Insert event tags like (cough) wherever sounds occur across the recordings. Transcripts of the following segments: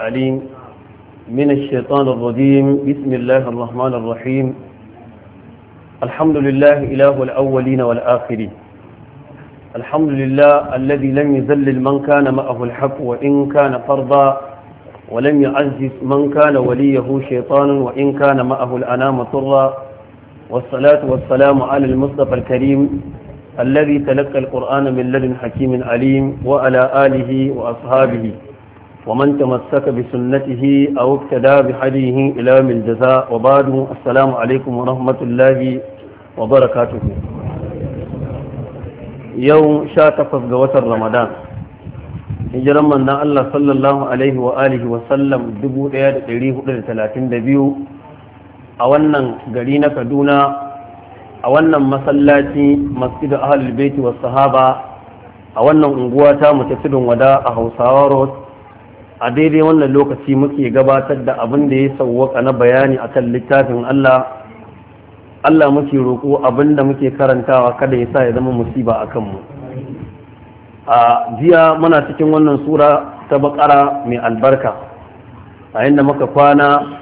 عليم من الشيطان الرجيم بسم الله الرحمن الرحيم الحمد لله إله الأولين والآخرين الحمد لله الذي لم يذلل من كان معه الحق وإن كان فرضا ولم يعزز من كان وليه شيطان وإن كان معه الأنام طرا والصلاة والسلام على المصطفى الكريم الذي تلقى القرآن من لدن حكيم عليم وعلى آله وأصحابه ومن تمسك بسنته أو اقتدى بحديه إلى من الجزاء وبعد السلام عليكم ورحمة الله وبركاته يوم شاتف قوة رمضان hijirar manzon Allah sallallahu alaihi wa alihi wa sallam 1432 a wannan gari na Kaduna a wannan masallaci masjidu ahlul baiti was sahaba a wannan unguwa ta mutafidin wada a Hausawa road a daidai wannan lokaci muke gabatar da abin da ya sauwaka na bayani akan littafin Allah Allah muke roƙo abin da muke karantawa kada ya sa ya zama musiba a kanmu a jiya muna cikin wannan sura ta bakara mai albarka a inda muka kwana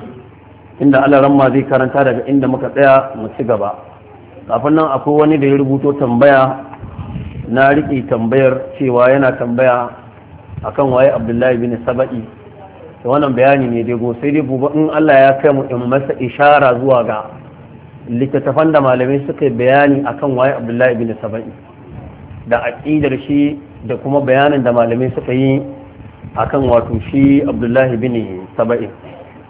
inda Allah ramma zai karanta daga inda muka tsaya mu ci gaba kafin nan akwai wani da ya rubuto tambaya na riƙe tambayar cewa yana tambaya akan waye abdullahi bin saba'i da wannan bayani ne dai sai dai gobe in Allah ya kai mu in masa ishara zuwa ga littattafan da malamai suka bayani akan waye abdullahi bin saba'i da aqidar shi da kuma bayanin da malamai suka yi akan wato shi abdullahi bin saba'i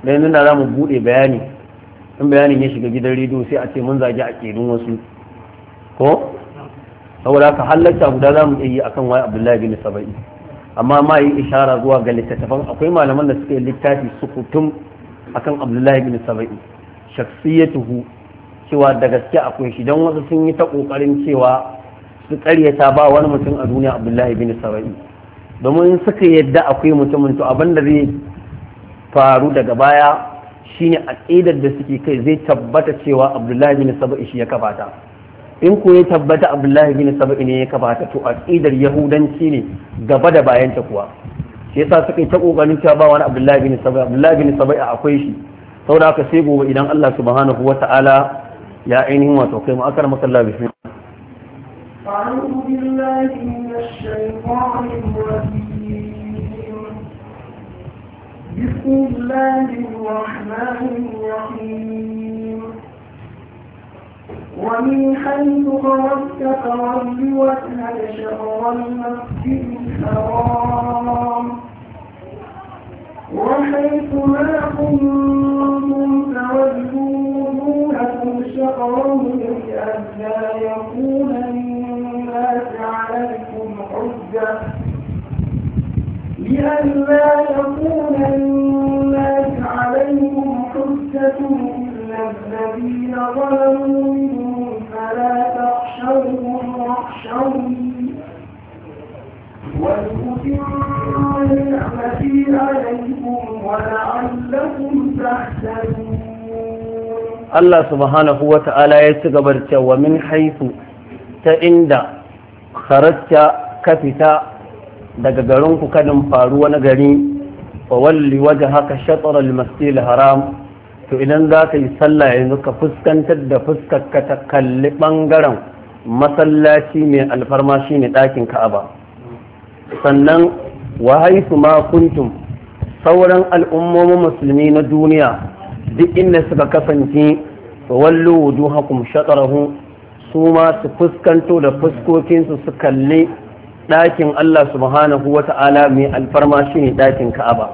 dan nuna za mu bude bayani in bayanin ya shiga gidan rediyo sai a ce mun zagi aqidun wasu ko saboda ka halatta guda za mu iya yi akan waye abdullahi bin saba'i amma ma yi ishara zuwa ga littattafan akwai malaman da suka yi littafi su a akan abdullahi bin saba'i shaksiyatuhu cewa da gaske akwai shi don wasu sun yi ta kokarin cewa su karyata ba wani mutum a duniya abdullahi bin saba'i domin suka yadda akwai mutumin to abin da zai faru daga baya shine aqidar da suke kai zai tabbata cewa abdullahi bin saba'i shi ya kafata in kuwa ya tabbata abdullahi bin saba'i ne ya kamata to aqidar yahudanci ne gaba da bayan ta kuwa shi yasa suka yi ta kokarin cewa ba wani abdullahi bin saba'i abdullahi bin saba'i akwai shi saboda haka sai gobe idan Allah subhanahu wata'ala ya ainihin wato kai mu akar masalla bismillah أعوذ بالله من الشيطان الرجيم بسم الله الرحمن الرحيم ومن حيث خرجت فول وجهك شهر المسجد الحرام وحيث ما كنتم فولوا وجوهكم شطره لئلا يكون للناس عليكم حجة لئلا يكون للناس عليكم حجة الذين ظلموا منهم فلا تخشوهم واخشوني ولأتم نعمتي عليكم ولعلكم تحسنون Allah subhanahu wa ta'ala ya ci gabar cewa min haifu ta inda kharacca ka fita daga garinku kanin faru wani gari wa walli waje haka shatsar al haram to idan za ka yi sallah yanzu ka fuskantar da fuskar ka ta kalli ɓangaren masallaci mai alfarma shi ne ɗakin ka'aba sannan wa haifu ma kuntum sauran al'ummomin musulmi na duniya duk inda suka kasance wallo wujuhakum shatarahu su ma su fuskanto da fuskokinsu su kalli ɗakin Allah subhanahu wa ta'ala mai alfarma shi ne ɗakin ka'aba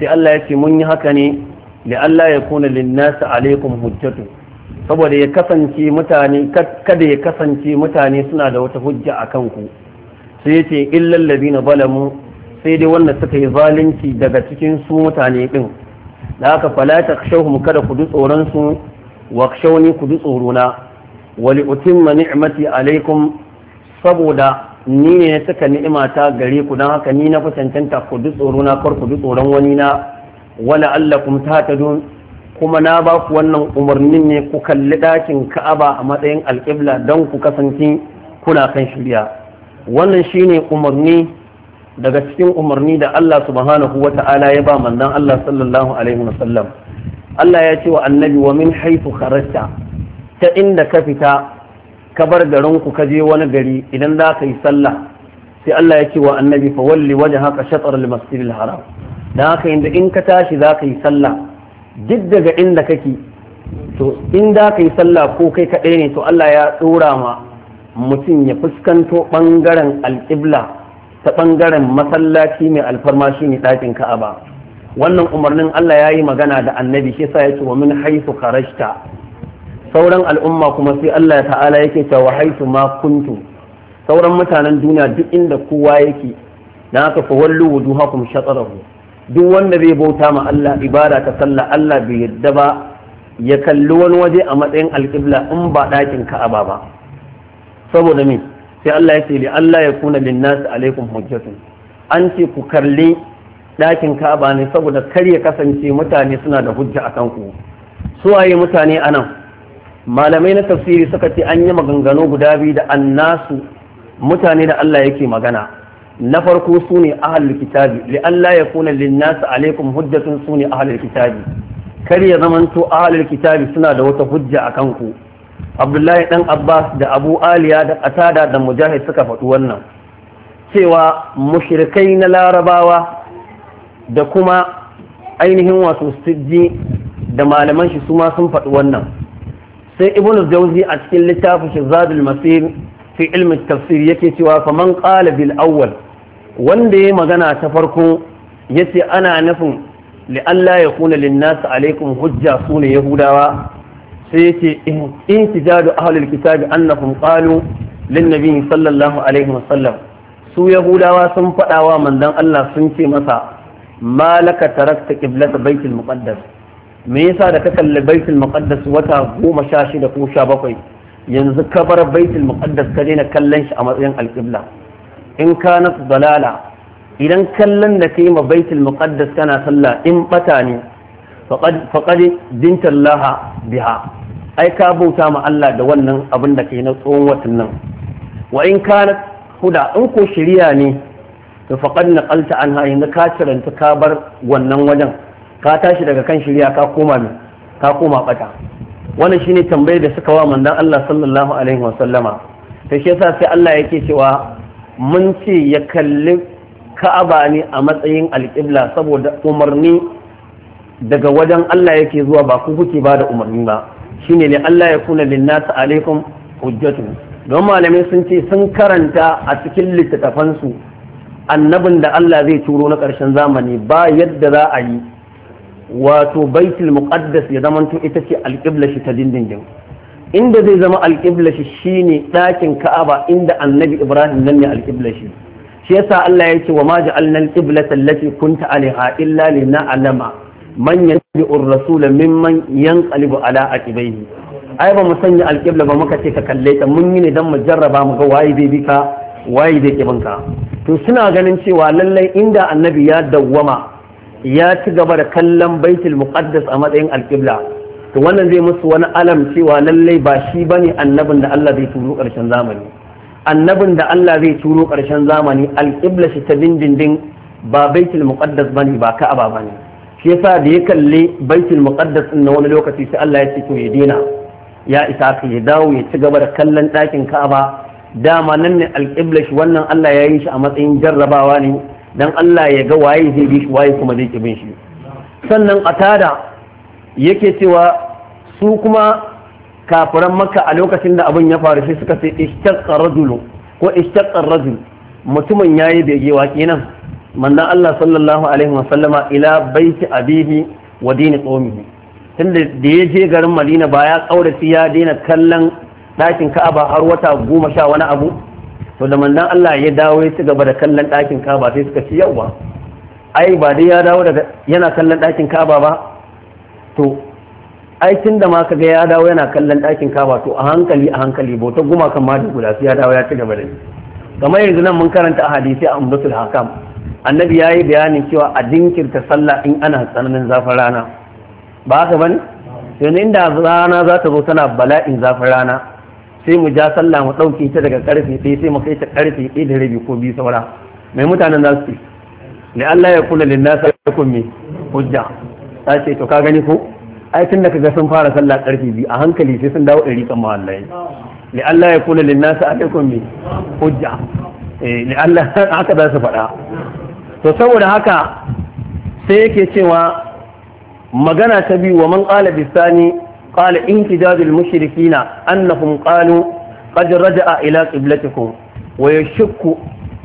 sai Allah ya ce mun yi haka ne da Allah ya kona linnasi alaikum hujjatu saboda ya kasance mutane kada ya kasance mutane suna da wata hujja a kanku sai ya ce illal ladina zalamu sai dai wanda suka yi zalunci daga cikin su mutane din da haka fala takshawhum kada ku ji tsoron su wa kshawni ku ji tsoro na wa li utimma ni'mati alaikum saboda ni ne ya saka ni'imata gare ku dan haka ni na fi cancanta ku ji tsoro na kar ku ji tsoron wani na wala allakum tahtadun kuma na ba ku wannan umarnin ne ku kalli ɗakin Ka'aba a matsayin alƙibla don ku kasance kuna kan shirya wannan shine umarni daga cikin umarni da Allah subhanahu ta'ala ya ba manzon Allah sallallahu alaihi sallam. Allah ya ce wa annabi wa min haythu kharajta ta inda ka fita ka bar ku ka je wani gari idan za ka yi sallah sai Allah ya ce wa annabi fa walli haka shatr al-masjid haram da haka yanzu in ka tashi za ka yi sallah duk daga inda kake to in da ka yi sallah ko kai kaɗai ne to Allah ya tsora ma mutum ya fuskanto ɓangaren alƙibla ta ɓangaren masallaci mai alfarma shi ne ɗakin ka'aba wannan umarnin Allah ya yi magana da annabi shi sa ya ce wa min haisu karashta sauran al'umma kuma sai Allah ta'ala yake cewa haisu ma kuntu sauran mutanen duniya duk inda kowa yake na haka fa wallu wuduhakum shatarahu duk wanda zai bauta ma Allah ibada ta sallah Allah bai yadda ba ya kalli wani waje a matsayin alƙibla in ba ɗakin ka'aba ba saboda me sai Allah ya ce li Allah ya kuna lin nas alaikum hujjatun an ce ku kalli ɗakin ka'aba ne saboda kar ya kasance mutane suna da hujja a kanku su waye mutane anan malamai na tafsiri suka ce an yi maganganu guda biyu da annasu mutane da Allah yake magana na farko su ne ahalul kitabi allah ya kuna linnasu alaikum hujjatun su ne ahalul kitabi kar ya zamanto ahalul kitabi suna da wata hujja a kanku abdullahi dan abbas da abu aliya da atada da mujahid suka faɗi wannan cewa mushrikai na larabawa da kuma ainihin wato sijji da malaman shi su ma sun faɗi wannan sai ibnu jauzi a cikin littafin shi zadul masir fi ilmin tafsir yake cewa faman qala bil awwal wanda ya magana ta farko ya ce ana nufin li'alla ya kuna linnasu alaikum hujja su ne yahudawa sai ya ce in tijadu ahalul kitabi annahum qalu linnabi sallallahu alaihi wasallam su yahudawa sun faɗawa manzon Allah sun ce masa malaka tarakta qiblata baitul muqaddas me yasa da ka kalli baitul muqaddas wata goma sha shida ko sha bakwai yanzu ka bar baitul muqaddas ka daina kallon shi a matsayin alqibla in kanat dalala idan kallon da kai ma baitul muqaddas kana sallah in bata ne faqad faqad dinta biha ai ka bauta ma Allah da wannan abin da kai na tsawon watan nan wa in kanat huda in ko shari'a ne to faqad naqalta anha in ka ciranta ka bar wannan wajen ka tashi daga kan shari'a ka koma ne ka koma bata wannan shine tambayar da suka wa manzon Allah sallallahu alaihi wasallama to shi yasa sai Allah yake cewa mun ce ya kalli ka'aba ne a matsayin alƙibla saboda umarni daga wajen Allah yake zuwa ba ku kuke ba da umarni ba shine ne Allah ya kuna linnasa alaikum hujjatu don malamai sun ce sun karanta a cikin littattafansu annabin da Allah zai turo na ƙarshen zamani ba yadda za a yi wato baitul muqaddas ya zamanto ita ce alƙibla shi ta dindindin inda zai zama alƙibla shi ne ɗakin ka'aba inda annabi ibrahim nan ne alƙibla shi shi yasa Allah ya ce wa ma ja'alna al-qiblata allati kunta alaiha illa lina'lama man yabi'ur rasula mimman yanqalibu ala aqibaihi ai ba mu sanya alƙibla ba muka ce ka kalle ta mun yi ne dan mu jarraba mu ga waye zai bi ka waye zai ka to suna ganin cewa lallai inda annabi ya dawwama ya ci gaba da kallon baitul muqaddas a matsayin alƙibla to wannan zai musu wani alam cewa lallai ba shi bane annabin da Allah zai turo karshen zamani annabin da Allah zai turo ƙarshen zamani alƙibla shi ta dindindin ba baitul muqaddas bane ba ka'aba bane shi yasa da ya kalle baitul muqaddas din wani lokaci sai Allah ya ce to ya dena ya isa ka ya dawo ya ci gaba da kallon ɗakin ka'aba dama nan ne alƙibla shi wannan Allah ya yi shi a matsayin jarrabawa ne dan Allah ya ga waye zai bi shi waye kuma zai ki bin shi sannan qatada yake cewa su kuma kafiran maka a lokacin da abin ya faru sai suka ce ishtaqqa rajul ko ishtaqqa rajul mutumin yayi begewa kenan Mandan Allah sallallahu alaihi wa sallama ila baiti abihi wa dini qaumihi tunda da ya je garin Madina ba ya kaurace ya daina kallon ɗakin Ka'aba har wata goma sha wani abu to da Mandan Allah ya dawo ya ci gaba da kallon ɗakin Ka'aba sai suka ce yawa ai ba dai ya dawo daga yana kallon ɗakin Ka'aba ba to aikin da ma ga ya dawo yana kallon ɗakin kaba to a hankali a hankali bauta gumakan ma da guda ya dawo ya ci gaba da ni kamar yanzu nan mun karanta a hadisi a umdatul hakam annabi ya yi bayanin cewa a dinkirta sallah in ana tsananin zafin rana ba haka bane yanzu inda rana za ta zo tana bala'in zafin rana sai mu ja sallah mu ɗauke ta daga ƙarfe ɗaya sai mu kai ta ƙarfe ɗaya da rabi ko biyu saura mai mutanen za su ce da Allah ya kula linnasa ya kun me hujja ta ce to ka gani ko ai tun da kaga sun fara sallah karfi biyu a hankali sai sun dawo ɗari kan mahallai li Allah ya kula lin nasu alaikum bi hujja eh, li Allah (laughs) haka za su faɗa to saboda haka sai yake cewa magana ta biyu wa man qala bisani qala intijadul mushrikina annahum qalu qad raja'a ila qiblatikum wa yashku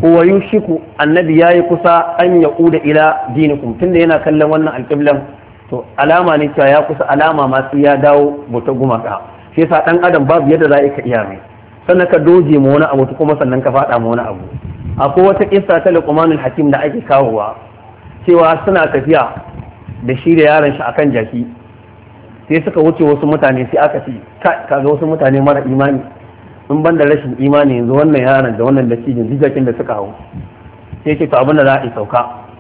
huwa yushku annabi yayi kusa an yauda ila dinikum tunda yana kallon wannan alqiblan to alama ne cewa ya kusa alama masu ya dawo bautar gumaka shi yasa dan adam babu yadda za ka iya mai sannan ka doje ma wani abu kuma sannan ka faɗa ma wani abu akwai wata kissa ta luqmanul hakim da ake kawowa cewa suna tafiya da shi da yaron shi akan jaki sai suka wuce wasu mutane sai aka ce ga wasu mutane mara imani in ban da rashin imani yanzu wannan yaron da wannan da cikin jikin da suka hau sai ce to abin da za a yi sauka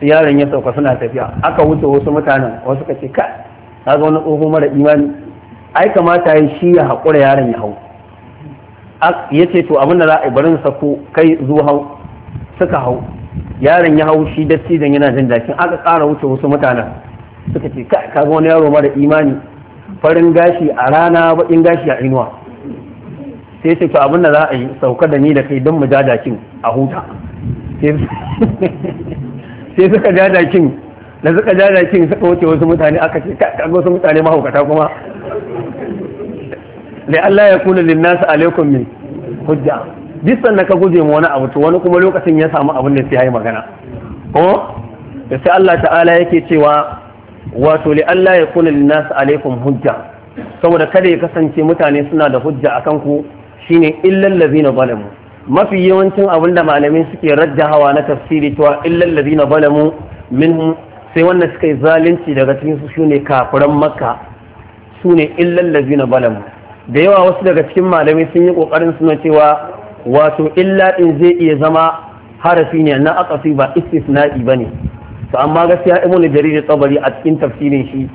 yaron ya sauka suna tafiya aka wuce wasu mutanen wasu ka ce ka ga wani tsoho mara imani ai kamata ya shi ya haƙura yaron ya hau ya ce to abin da za a barin sako kai zuwa hau suka hau yaron ya hau shi dattijan yana jin dakin aka ƙara wuce wasu mutanen suka ce ka ga wani yaro mara imani farin gashi a rana baƙin gashi a inuwa sai ce to abin da za a yi sauka da ni da kai don mu ja dakin a huta (laughs) sai suka ja jakin da suka ja jakin suka wuce wasu mutane aka ce kaga wasu mutane mahaukata kuma da Allah ya kula lin nasu alaikum min hujja duk sannan ka guje ma wani abu to wani kuma lokacin ya samu abin da sai yayi magana ko da sai Allah ta'ala yake cewa wato li Allah ya kula lin nasu alaikum hujja saboda kada ya kasance mutane suna da hujja akan ku shine illal ladina zalamu mafi yawancin abin da malamai suke radda hawa na tafsiri cewa illal ladina balamu minhum sai wanda suka yi zalunci daga cikin su shine kafiran makka sune illal ladina balamu da yawa wasu daga cikin malamai sun yi kokarin suna cewa wato illa in zai iya zama harafi ne na aqasi ba istisna'i bane to amma gaskiya ibn jarir tabari a cikin tafsirin shi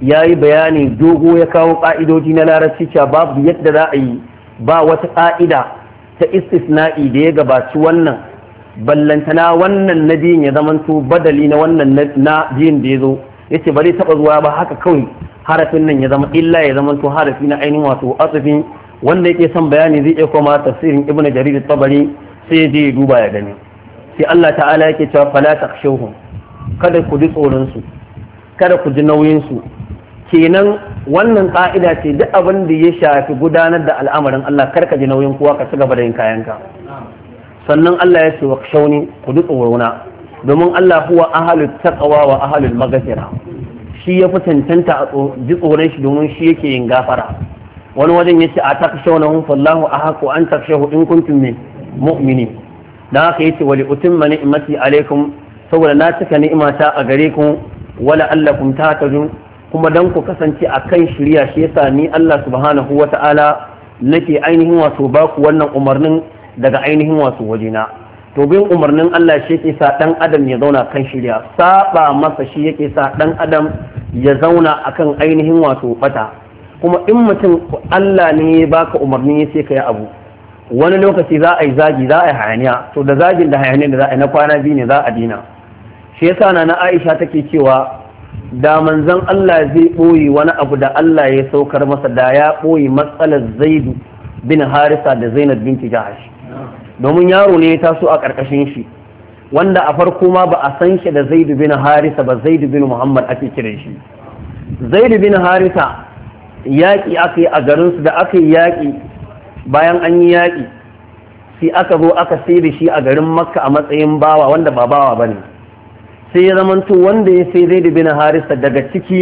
yayi bayani dogo ya kawo ka'idoji na larabci cewa babu yadda za a yi ba wata ka'ida ta istisna'i da ya gabaci wannan ballantana wannan na biyun ya zamanto badali na wannan na biyun da ya zo ya ce ba zai taɓa zuwa ba haka kawai harafin nan ya zama illa ya zamanto harafi na ainihin wato asafi wanda yake son bayani zai iya koma tafsirin ibn jarir tabari sai ya je duba ya gani sai Allah ta'ala yake cewa fala takshuhum kada ku ji tsoron su kada ku ji nauyin su kenan wannan ka'ida ce duk abin da ya shafi gudanar da al'amarin Allah karka ji nauyin kowa ka ci gaba da yin kayanka sannan Allah ya ce wa shauni ku duk tsorona domin Allah huwa ahalul taqwa wa ahalul maghfira shi ya fi cancanta a ji tsoron shi domin shi yake yin gafara wani wajen ya ce a takshawna fallahu ahaku an takshahu in kuntum mu'mini dan haka yace wali utimma ni'mati alaikum saboda na cika ni'imata a gare ku wala allakum kuma dan ku kasance a kan shirya shi yasa ni Allah subhanahu wa ta'ala nake ainihin wato ba ku wannan umarnin daga ainihin wato wajena to bin umarnin Allah shi yake sa dan adam ya zauna kan shirya saɓa masa shi yake sa ɗan adam ya zauna akan ainihin wato bata kuma in mutum Allah ne ya baka umarni ya ce ka yi abu wani lokaci za a yi zagi za a yi hayaniya to da zagin da hayaniya da za a yi na kwana biyu ne za a dina shi yasa na na Aisha take cewa da manzon Allah zai ɓoye wani abu da Allah ya saukar masa da ya ɓoye matsalar zaidu bin harisa da zainab binti jahash domin yaro ne ya taso a ƙarƙashin shi wanda a farko ma ba a san shi da zaidu bin harisa ba zaidu bin muhammad ake kiran shi zaidu bin harisa yaƙi aka yi a garinsu da aka yi yaƙi bayan an yi yaƙi sai aka zo aka sai da shi a garin makka a matsayin bawa wanda ba bawa ba ne sai ya zamanto wanda ya sai zai bin harisa daga ciki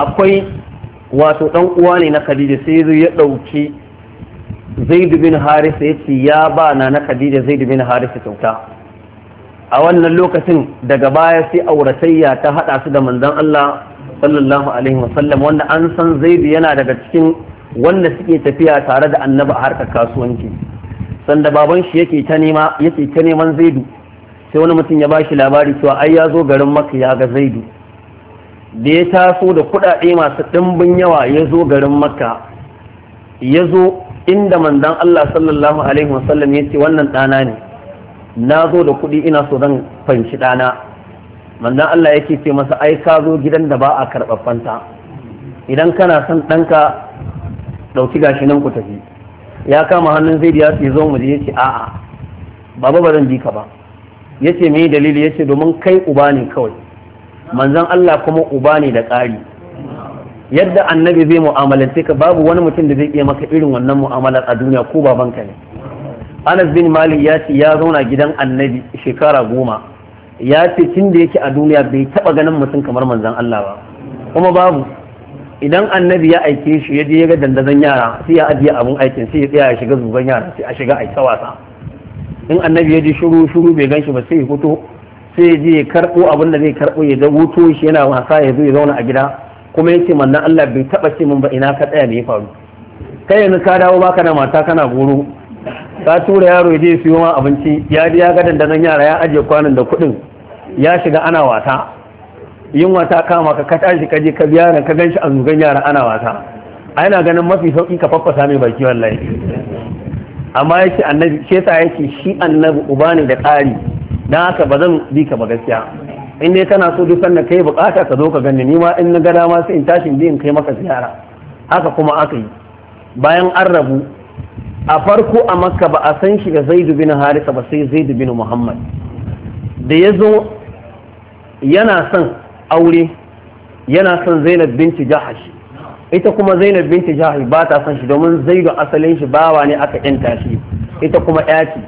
akwai wato dan uwa ne na khadija sai zai ya dauki zaid bin harisa ya ce ya ba na na khadija zaid bin harisa kyauta a wannan lokacin daga baya sai auratayya ta hada su da manzon Allah sallallahu alaihi wasallam wanda an san zaid yana daga cikin wanda suke tafiya tare da annabi a harkar kasuwanci sanda baban shi yake ta nema yake ta neman zaidu sai wani mutum ya ba shi labari cewa ai ya zo garin maka ya ga zaidu da ya taso da kuɗaɗe masu ɗimbin yawa ya zo garin maka ya zo inda manzon Allah sallallahu alaihi wasallam ya ce wannan ɗana ne na zo da kuɗi ina so zan fanci ɗana manzon Allah yake ce masa ai ka zo gidan da ba a karɓaffanta idan kana son ɗanka ɗauki gashi nan ku tafi ya kama hannun zai ya ce zo mu je ya ce a'a baba ba zan bi ka ba yace me dalili yace domin kai uba ne kawai manzon Allah kuma uba ne da ƙari yadda annabi zai mu'amalance ka babu wani mutum da zai iya maka irin wannan mu'amalar a duniya ko babanka ne Anas bin Malik ya ce ya zauna gidan annabi shekara goma ya ce tun da yake a duniya bai taba ganin mutum kamar manzon Allah ba kuma babu idan annabi ya aike shi ya je ya ga dandazon yara sai ya ajiye abun aikin sai ya tsaya ya shiga zuban yara sai a shiga a ta wasa in annabi ya ji shuru shuru bai ganshi ba sai ya fito sai je ya karbo abin da zai karbo ya wuto shi yana wasa ya zo ya zauna a gida kuma yace manzon Allah bai taba ce min ba ina ka tsaya me ya faru kai yanzu ka dawo baka da mata kana goro ka tura yaro ya je siyo ma abinci ya ji ya ga dandanan yara ya ajiye kwanan da kuɗin ya shiga ana wasa yin wasa kama ka ka tashi ka je ka biya ka ganshi a zugan yara ana wasa a yana ganin mafi sauki ka faffasa mai baki wallahi amma ce annabi sa ya ce shi annabi uba ne da tsari na haka ba zan bi ka ba gaskiya in dai kana so duk sannan kai bukata ka zo ka gani ni ma in na gada masu in tashin bi in kai maka ziyara haka kuma aka yi bayan an rabu a farko a makka ba a san shi ga zaidu bin harisa ba sai zaidu bin muhammad da ya zo yana son aure yana son zainab binti jahashi ita kuma zainab binti jahi ba ta san shi domin zaidu asalin shi bawa ne aka yanta shi ita kuma yaci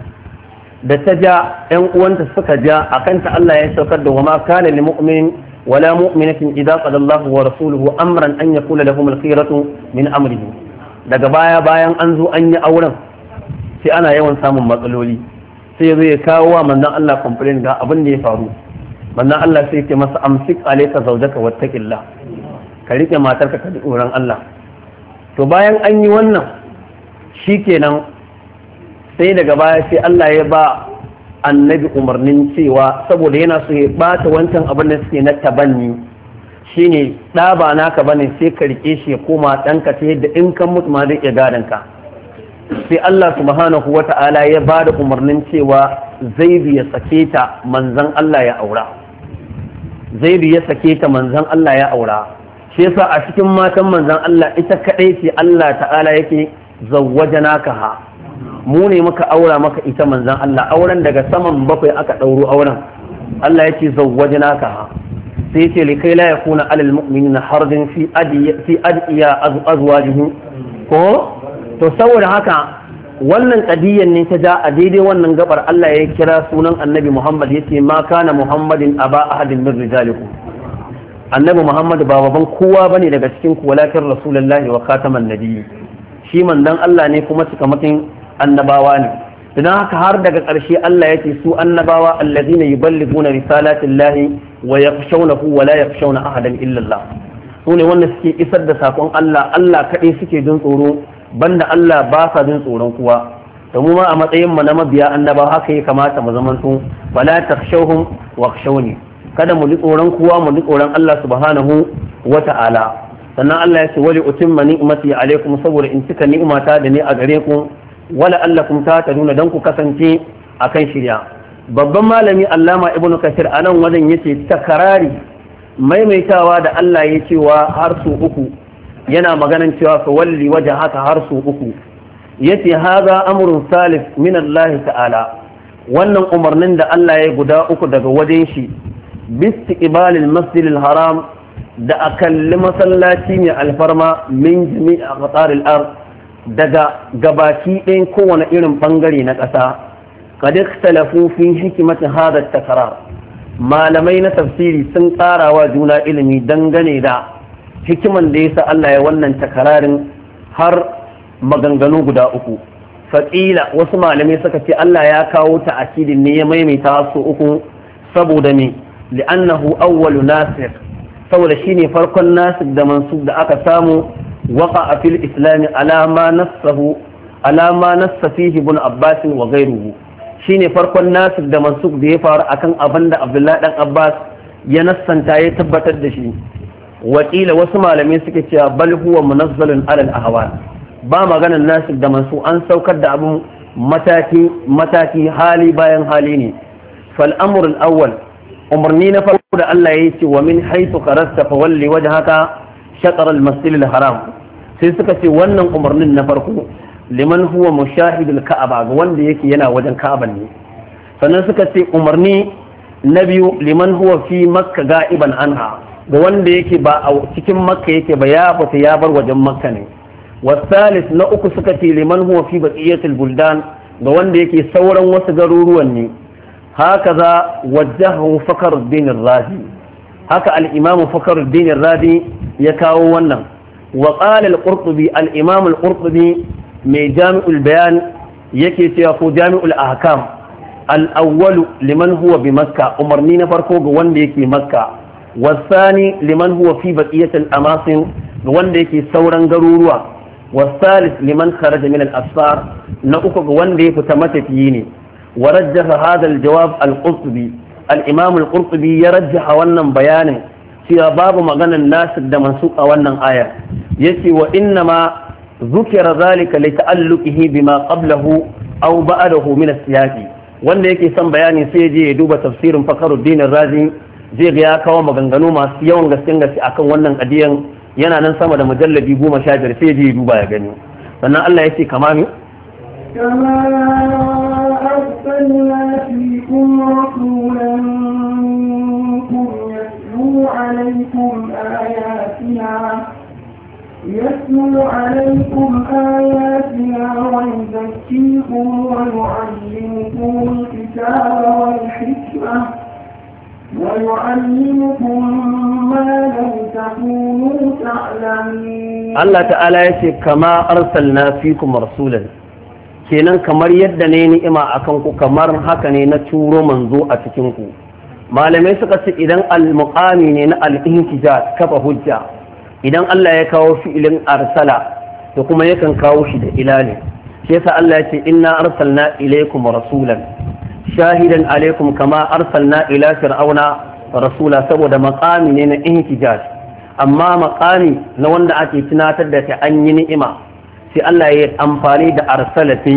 da ta ja yan uwanta suka ja akan ta Allah ya saukar da wama kana lil mu'min wala mu'minatin idza qada Allahu wa rasuluhu amran an yakuna lahum al-khiyaratu min amrihi daga baya bayan an zo an yi auren sai ana yawan samun matsaloli sai yazo ya kawo wa manzon Allah complain ga abin da ya faru manzon Allah sai ya ce masa amsik alayka zawjaka wattaqillah ka riƙe matarka ka kaɗi tsoron Allah to bayan an yi wannan shi kenan sai daga baya sai Allah ya ba annabi umarnin cewa saboda yana so ya bata wancan abin da suke na tabanni ne ɗa ba naka bane sai ka riƙe shi ya koma ɗanka ta yadda in kan mutu ma zai iya gadon ka sai Allah subhanahu wa ta'ala ya ba da umarnin cewa zaidu ya sake ta manzan Allah ya aura zaidu ya sake ta manzan Allah ya aura Sai sa a cikin matan manzon Allah ita kadai ce Allah ta'ala yake zawwajanaka ha mu ne muka aura maka ita manzon Allah auren daga saman bakwai aka ɗauro auren Allah yake zawwajanaka ha sai yace likai la yakuna alal mu'minina harjin fi adiya fi adiya azwajihi ko to saboda haka wannan kadiyan ne ta ja a daidai wannan gabar Allah ya kira sunan Annabi Muhammad yace ma kana Muhammadin aba ahadin min rijalikum annabi muhammad ba baban kowa bane daga cikin ku walakin rasulullahi wa khataman nabiyyi shi manzon Allah ne kuma cikamakin annabawa ne idan haka har daga ƙarshe Allah ya ce su annabawa allazina yuballiguna risalatillahi wa yakhshawnahu wa la yakhshawna ahadan illa Allah su ne wanda suke isar da sakon Allah Allah kaɗai suke jin tsoro banda Allah ba sa jin tsoron kuwa da mu ma a matsayin mu na mabiya annabawa haka ya kamata mu zamanto wala takhshawhum wa khshawni kada mu ji tsoron kowa mu ji tsoron Allah subhanahu wa ta'ala sannan Allah ya ce wali utimma ya alaikum saboda in cika ta da ni a gare ku wala allakum ta nuna dan ku kasance akan shirya babban malami Allama Ibn Kathir a nan wajen yace takarari maimaitawa da Allah ya cewa har su uku yana maganan cewa fa walli wajhaka har su uku yace haza amrun salif min Allah ta'ala wannan umarnin da Allah ya guda uku daga wajen shi bisti ibalin masjidil haram da a kalli masallaci mai alfarma min jimi a ƙasar ar daga gabaki ɗin kowane irin ɓangare na ƙasa kadik talafufin hikimatin hadar takarar malamai na tafsiri sun ƙara wa juna ilimi dangane da hikiman da ya sa Allah ya wannan takararin har maganganu guda uku faƙila wasu malamai suka ce Allah ya kawo ta akidin ne ya maimaita su uku saboda me li'annahu auwalu nasir saboda shine farkon nasir da mansub da aka samu waka a fil islami alama nassahu alama nassa fihi abbas wa ghayruhu shine farkon nasir da mansub da ya faru akan abin da abdullahi dan abbas ya nasanta ya tabbatar da shi wakila wasu malamai suke cewa bal huwa munazzalun alal ahwal ba maganan nasir da mansu an saukar da abin mataki hali bayan hali ne fal amrul awwal umarni na farko da Allah ya ce wa min haythu kharajta fa walli wajhaka shatr al-masjid al-haram sai suka ce wannan umarnin na farko liman huwa mushahidul ka'aba ga wanda yake yana wajen ka'aban ne sannan suka ce umarni na biyu liman huwa fi makka ga'iban anha ga wanda yake ba a cikin makka yake ba ya fita ya bar wajen makka ne wasalis na uku suka ce liman huwa fi baqiyatil buldan ga wanda yake sauran wasu garuruwan ne haka za fakhruddin ar haka al-imam razi ya kawo wannan wa qala al-qurtubi mai jami'ul bayan yake cewa ko jami'ul ahkam al liman huwa bi makkah umarni na farko ga wanda yake makkah wasani liman huwa fi baqiyatil amasin wanda yake sauran garuruwa wasalis liman kharaja min al-asfar na uku ga wanda ya fita matafiyi ne ورجح هذا الجواب القرطبي ya rajja ha wannan bayanin cewa babu maganan nasir da mansuk a wannan ayar yace wa inna ma zukira zalika li ta'alluqihi bima qablahu aw ba'dahu min as-siyaqi wanda yake son bayanin sai je ya duba tafsirin Fakhruddin Razi zai ga ya kawo maganganu masu yawan gaske gaske akan wannan adiyan yana nan sama da mujallabi goma sha biyar sai je ya duba ya gani sannan Allah yace kamami أرسلنا فيكم رسولا منكم يتلو عليكم آياتنا يتلو عليكم آياتنا ويزكيكم ويعلمكم الكتاب والحكمة ويعلمكم ما لم تكونوا تعلمين الله تعالى يقول كما أرسلنا فيكم رسولا kenan kamar yadda ne ni'ima akan ku kamar haka ne na turo manzo a cikin ku malamai suka ce idan al-muqami ne na al-intija kafa hujja idan Allah ya kawo ilin arsala to kuma yakan kawo shi da ilali shi yasa Allah ya ce inna arsalna ilaykum rasulan shahidan alaikum kama arsalna ila fir'auna rasula saboda maqami ne na intijaj amma maqami na wanda ake tunatar da ta an yi ni'ima sai Allah ya amfani da arsalati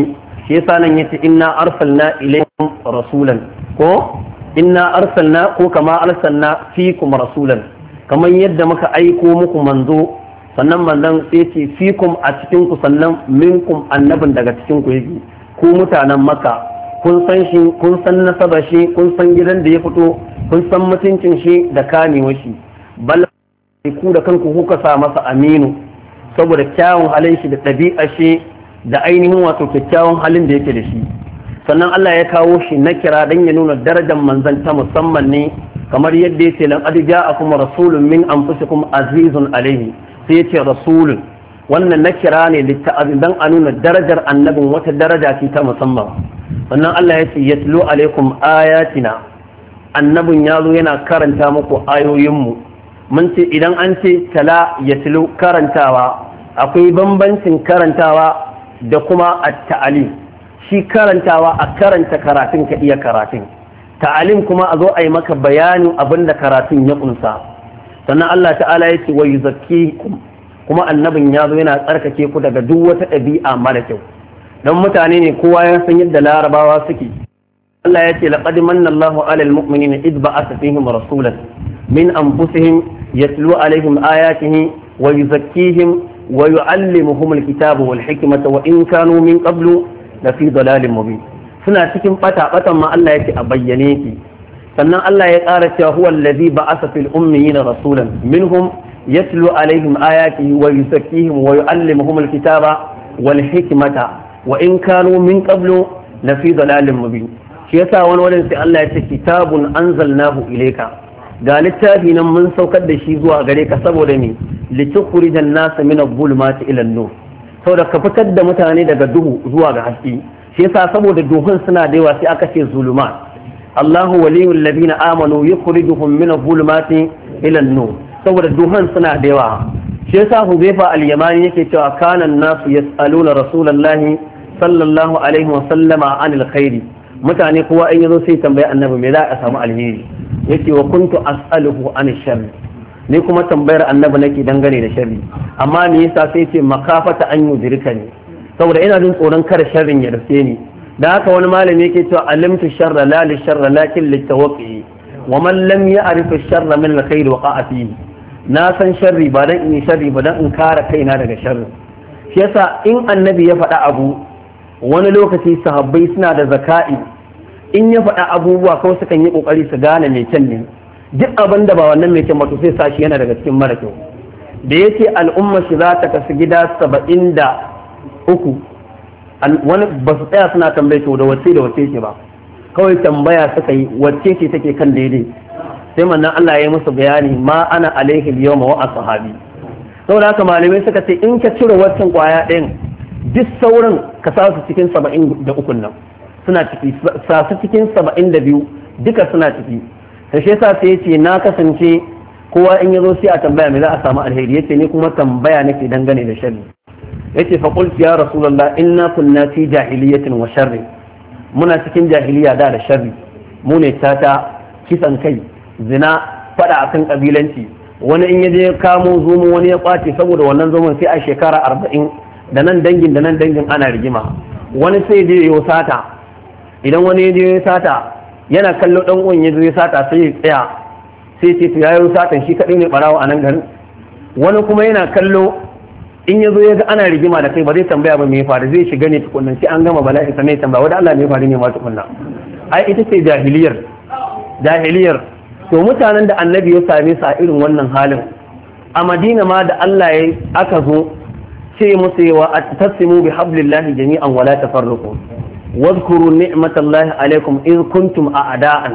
shi yasa nan yace inna arsalna ilaykum rasulan ko inna arsalna ko kama arsalna fikum rasulan kamar yadda muka aiko muku manzo sannan manzon sai yace fikum a cikin ku sannan minkum annabin daga cikin ku yake ku mutanen maka kun san shi kun san nasaba shi kun san gidan da ya fito kun san mutuncin shi da kamewa shi bal ku da kanku kuka sa masa aminu saboda kyawun halin shi da ɗabi'a shi da ainihin wato kyakkyawan halin da yake da shi sannan Allah ya kawo shi na kira dan ya nuna darajar manzan ta musamman ne kamar yadda yace lan qad kuma rasulun min anfusikum azizun alayhi sai yace rasulun wannan na kira ne litta'azin dan a nuna darajar annabin wata daraja ce ta musamman sannan Allah ya ya yatlu alaikum ayatina annabin yazo yana karanta muku ayoyinmu mun ce idan an ce tala ya tilo karantawa akwai bambancin karantawa da kuma a ta'alim shi karantawa a karanta karatun ka iya karatun ta'alim kuma a zo a yi maka bayanin abin da karatun ya kunsa sannan Allah ta'ala ya ce wa yuzakkikum kuma annabin ya zo yana tsarkake ku daga duk wata ɗabi'a mara kyau don mutane ne kowa ya san yadda larabawa suke Allah ya ce laqad manna Allahu 'alal mu'minina id ba'atha fihim rasulan min anfusihim yatlu alaihim ayatihi wa yuzakkihim wa yu'allimuhum alkitaba wal hikmata wa in kanu min qablu la fi dalalin mubin suna cikin bata batan ma Allah yake a bayyane ki sannan Allah ya ƙara cewa huwa allazi ba'atha fil ummiyina rasulan minhum yatlu alaihim ayatihi wa yuzakkihim wa yu'allimuhum alkitaba wal hikmata wa in kanu min qablu la fi dalalin mubin shi yasa wani wajen sai Allah ya ce kitabun anzalnahu ilayka ga littafi nan mun saukar da shi zuwa gare ka saboda me da nasa min adh ila nur saboda ka fitar da mutane daga duhu zuwa ga haske shi yasa saboda duhun suna da yawa sai aka ce zuluma Allahu waliyul ladina amanu yukhrijuhum min adh ila nur saboda duhun suna da yawa shi yasa Hudayfa al-Yamani yake cewa kana nasu yas'aluna Rasulullahi sallallahu alaihi wa sallama anil khairi mutane kowa in yazo sai tambaya annabi me za a samu alheri yake wa kuntu as'aluhu an sharri ni kuma tambayar annabi nake dangane da sharri amma me yasa sai ce makafata an yudrika ne saboda ina jin tsoron kar sharrin ya rufe ni da haka wani malami yake cewa alimtu sharra la li sharra lakin litawqi wa man lam ya'rif sharra min al-khair waqa'a fihi na san sharri ba dan in sharri ba dan in kare kaina daga sharri shi yasa in annabi ya faɗa abu wani lokaci sahabbai suna da zaka'i in ya faɗa abubuwa kawai sukan yi ƙoƙari su gane mai kyan ne duk abin da ba wannan mai kyan ba to sai sashi yana daga cikin mara kyau da yake al'umma shi za ta kasu gida saba'in da uku wani ba su tsaya suna tambaye to da wacce da wacce ke ba kawai tambaya suka yi wacce ce take kan daidai sai mannan Allah ya yi musu bayani ma ana alaihi yawma sahabi sahabi. saboda haka malamai suka ce in ka cire wancan kwaya ɗin duk sauran ka sa su cikin saba'in da ukun nan suna ciki sasu cikin saba'in da biyu duka suna ciki ta shi sa sai ce na kasance kowa in ya zo sai a tambaya mai za a samu alheri yace ni kuma tambaya nake dangane da sharri yace fa qultu ya rasulullah inna kunna fi jahiliyatin wa sharri muna cikin jahiliya da da sharri mu ne tata kisan kai zina fada akan kabilanci wani in yaje ya kamo zumu wani ya kwace saboda wannan zumun sai a shekara arba'in da nan dangin da nan dangin ana rigima wani sai je ya sata idan wani ya ya sata yana kallo dan uwan ya zo ya sata sai ya tsaya sai ce to yayin satan shi kadai ne barawo a nan garin wani kuma yana kallo in ya zo ya ga ana rigima da kai ba zai tambaya ba me ya faru zai shiga ne tukunnan sai an gama bala'i mai tambaya wanda Allah ne ya faru ne ma tukunna ai ita ce jahiliyar jahiliyar to mutanen da annabi ya same su a irin wannan halin a madina ma da Allah ya aka zo ce musu yawa a tassimu bi hablillahi jami'an wala tafarruqu wadhkuru ni'matallahi alaikum iz kuntum a'da'an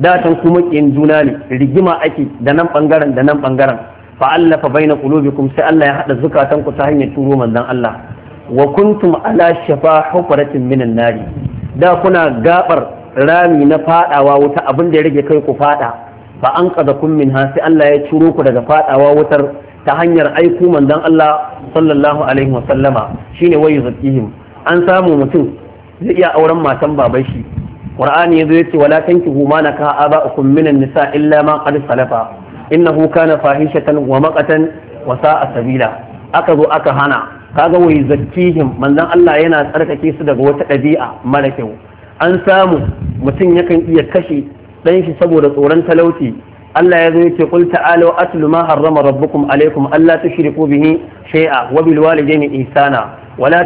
datan kuma kin juna ne rigima ake da nan bangaren da nan bangaren fa allafa baina qulubikum sai Allah ya haɗa zukatan ku ta hanyar turo manzon Allah wa kuntum ala shafa hufratin minan nari da kuna gaɓar rami na faɗawa wuta abin da ya rage kai ku faɗa. fa an qada kun minha sai Allah ya turo ku daga faɗawa wutar ta hanyar aiku manzon Allah sallallahu alaihi wa sallama shine wayu zakihim an samu mutum zai iya auren matan baban shi qur'ani yazo yace wala tankihu ma naka aba'ukum minan nisa illa ma qad salafa innahu kana fahishatan wa maqatan wa sa'a sabila aka zo aka hana kaga wai zakkihim manzon Allah yana tsarkake su daga wata ɗabi'a mara kyau an samu mutum yakan iya kashe dan shi saboda tsoron talauci Allah ya zo yake kul ta'alu atlu ma harrama rabbukum alaikum alla tushriku bihi shay'a wa bil walidayni ihsana wala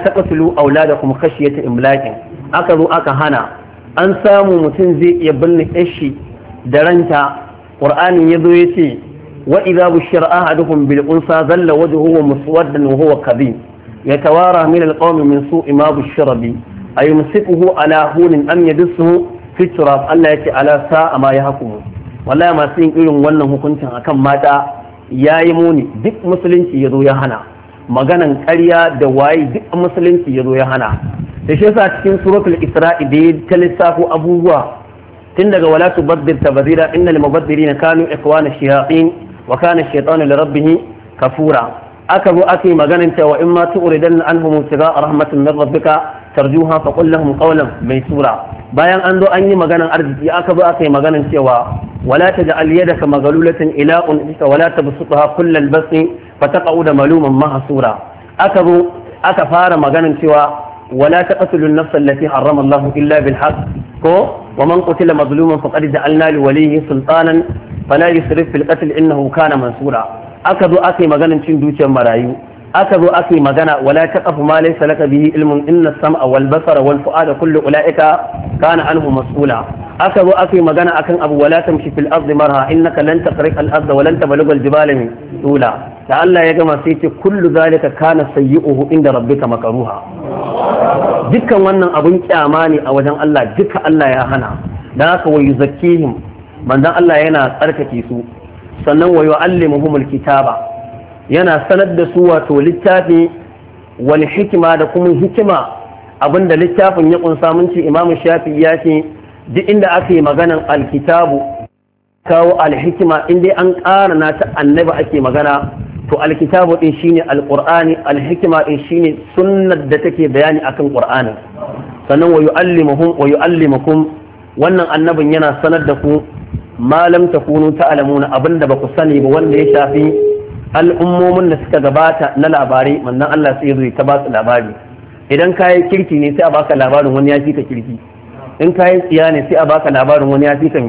da kashi ya ta imlakin aka zo aka hana an samu mutum zai iya binne kashi da ranta qur'anin yazo yace wa idza bushira ahadukum bil unsa zalla wajhuhu muswaddan wa huwa kadhib yatawara min al qawmi min su'i ma bushira bi ayumsikuhu ala hunin am yadsuhu fi turab Allah yace ala sa'a ma yahkumu wallahi masu yin irin wannan hukuncin akan mata yayi muni duk musulunci yazo ya hana maganan ƙarya da waye duk musulunci ya zo ya hana da shi yasa cikin suratul isra'i da ya ta lissafo abubuwa tun daga wala tubaddir tabadira innal mubaddirina kanu ikwana shayatin wa kana shaytanu li rabbih kafura aka zo aka yi maganan cewa in ma tu'ridan anhum tigaa rahmatin min rabbika tarjuha fa qul lahum qawlan maysura bayan an zo an yi maganan arziki aka zo aka yi maganan cewa wala taj'al yadaka maghlulatan ila unka wala tabsutha kullal basti fataqau da maluman mahsura aka aka fara maganin cewa wala taqtulu an-nafs allati harrama illa bil haqq ko wa man qutila mazluman faqad ja'alna li waliyyi sultanan fala yusrif fil qatl innahu kana mansura aka zo aka yi maganin cin dukiyar marayu aka zo aka yi magana wala taqafu ma laysa laka ilmun inna as-sam'a wal basara wal fu'ada kullu ulaika kana anhu mas'ula aka zo aka yi magana akan abu wala tamshi fil ardi marha innaka lan taqriqa al arda wa lan tabalugha al jibala min da Allah ya gama sai ce kullu zalika kana sayyi'uhu inda rabbika makaruha dukkan wannan abun kyama ne a wajen Allah duka Allah ya hana da haka wa yuzakkihim manzon Allah yana tsarkake su sannan wa yu'allimuhumul kitaba yana sanar da su wato littafi wal hikima da kuma hikima abinda littafin ya kunsa mun ce Imam ya ce duk inda aka yi maganan alkitabu kawo alhikima in dai an ƙara na ta annabi ake magana to alkitabu din shine alqur'ani alhikma din shine sunnar da take bayani akan qur'anin sannan wa yu'allimuhum wa yu'allimukum wannan annabin yana sanar da ku ma lam takunu ta'lamuna abinda ba ku sani ba wanda ya shafi al'ummomin da suka gabata na labarai manzon Allah sai zo ta ba su labari idan kayi kirki ne sai a baka labarin wani ya fi ka kirki in kayi tsiya ne sai a baka labarin wani ya fi ka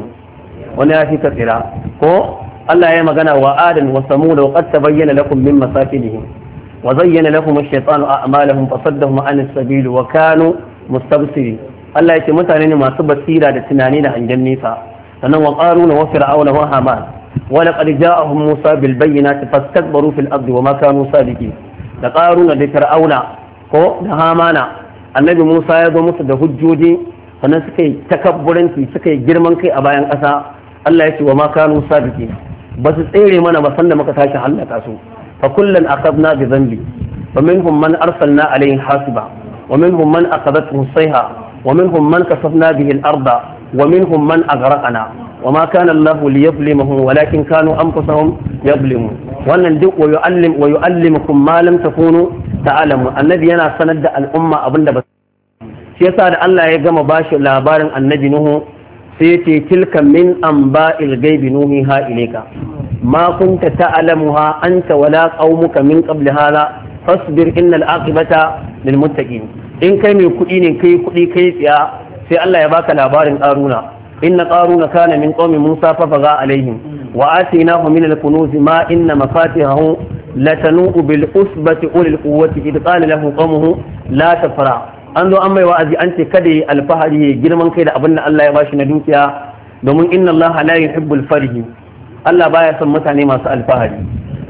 wani ya fi ka tsira ko Allah ya magana wa adan wa samud wa qad tabayyana lakum min masakinihim wa zayyana lakum ash-shaytanu a'malahum fasaddahum 'an as-sabil wa kanu mustabsirin Allah yake mutane ne masu basira da tunani da hangen nesa sannan wa qaruna wa fir'auna wa haman wa laqad ja'ahum musa bil bayyinati fastakbaru fil ardi wa ma kanu sadiqin da qaruna da fir'auna ko da hamana annabi musa ya zo musu da hujjoji sannan suka yi takabburanci suka yi girman kai a bayan ƙasa Allah ya ce wa ma kanu sadiqin ba su tsere mana ba sanda muka tashi hallaka su fa kullun akhadna bi dhanbi wa minhum man arsalna alayhi hasiba wa minhum man akhadathu sayha wa minhum man kasafna bihi al-arda wa minhum man aghraqna وما كان الله ليظلمهم ولكن كانوا أنفسهم يظلمون وأن دق ويؤلم ويؤلمكم ما لم تكونوا تعلموا al'umma abinda ba الأمة أبن بس سيسار الله يجمع باش لابارن النبي نوه sai yace tilka min ilgai ghaibi nuhiha ilayka ma kunta an anta wala kaumuka min qabl hala fasbir innal aqibata lil muttaqin in kai mai kuɗi ne kai kuɗi kai tsiya sai Allah ya baka labarin karuna inna karuna kana min qaumi Musa fa faga alaihim wa atainahu min al-kunuz ma inna mafatihahu latanu bil usbati ulil quwwati id qala lahu qaumuhu la tafra an zo an mai wa'azi an ce kada yi alfahari ya girman kai da abin da Allah ya bashi na dukiya domin inna Allah la yuhibbul farhi Allah baya son mutane masu alfahari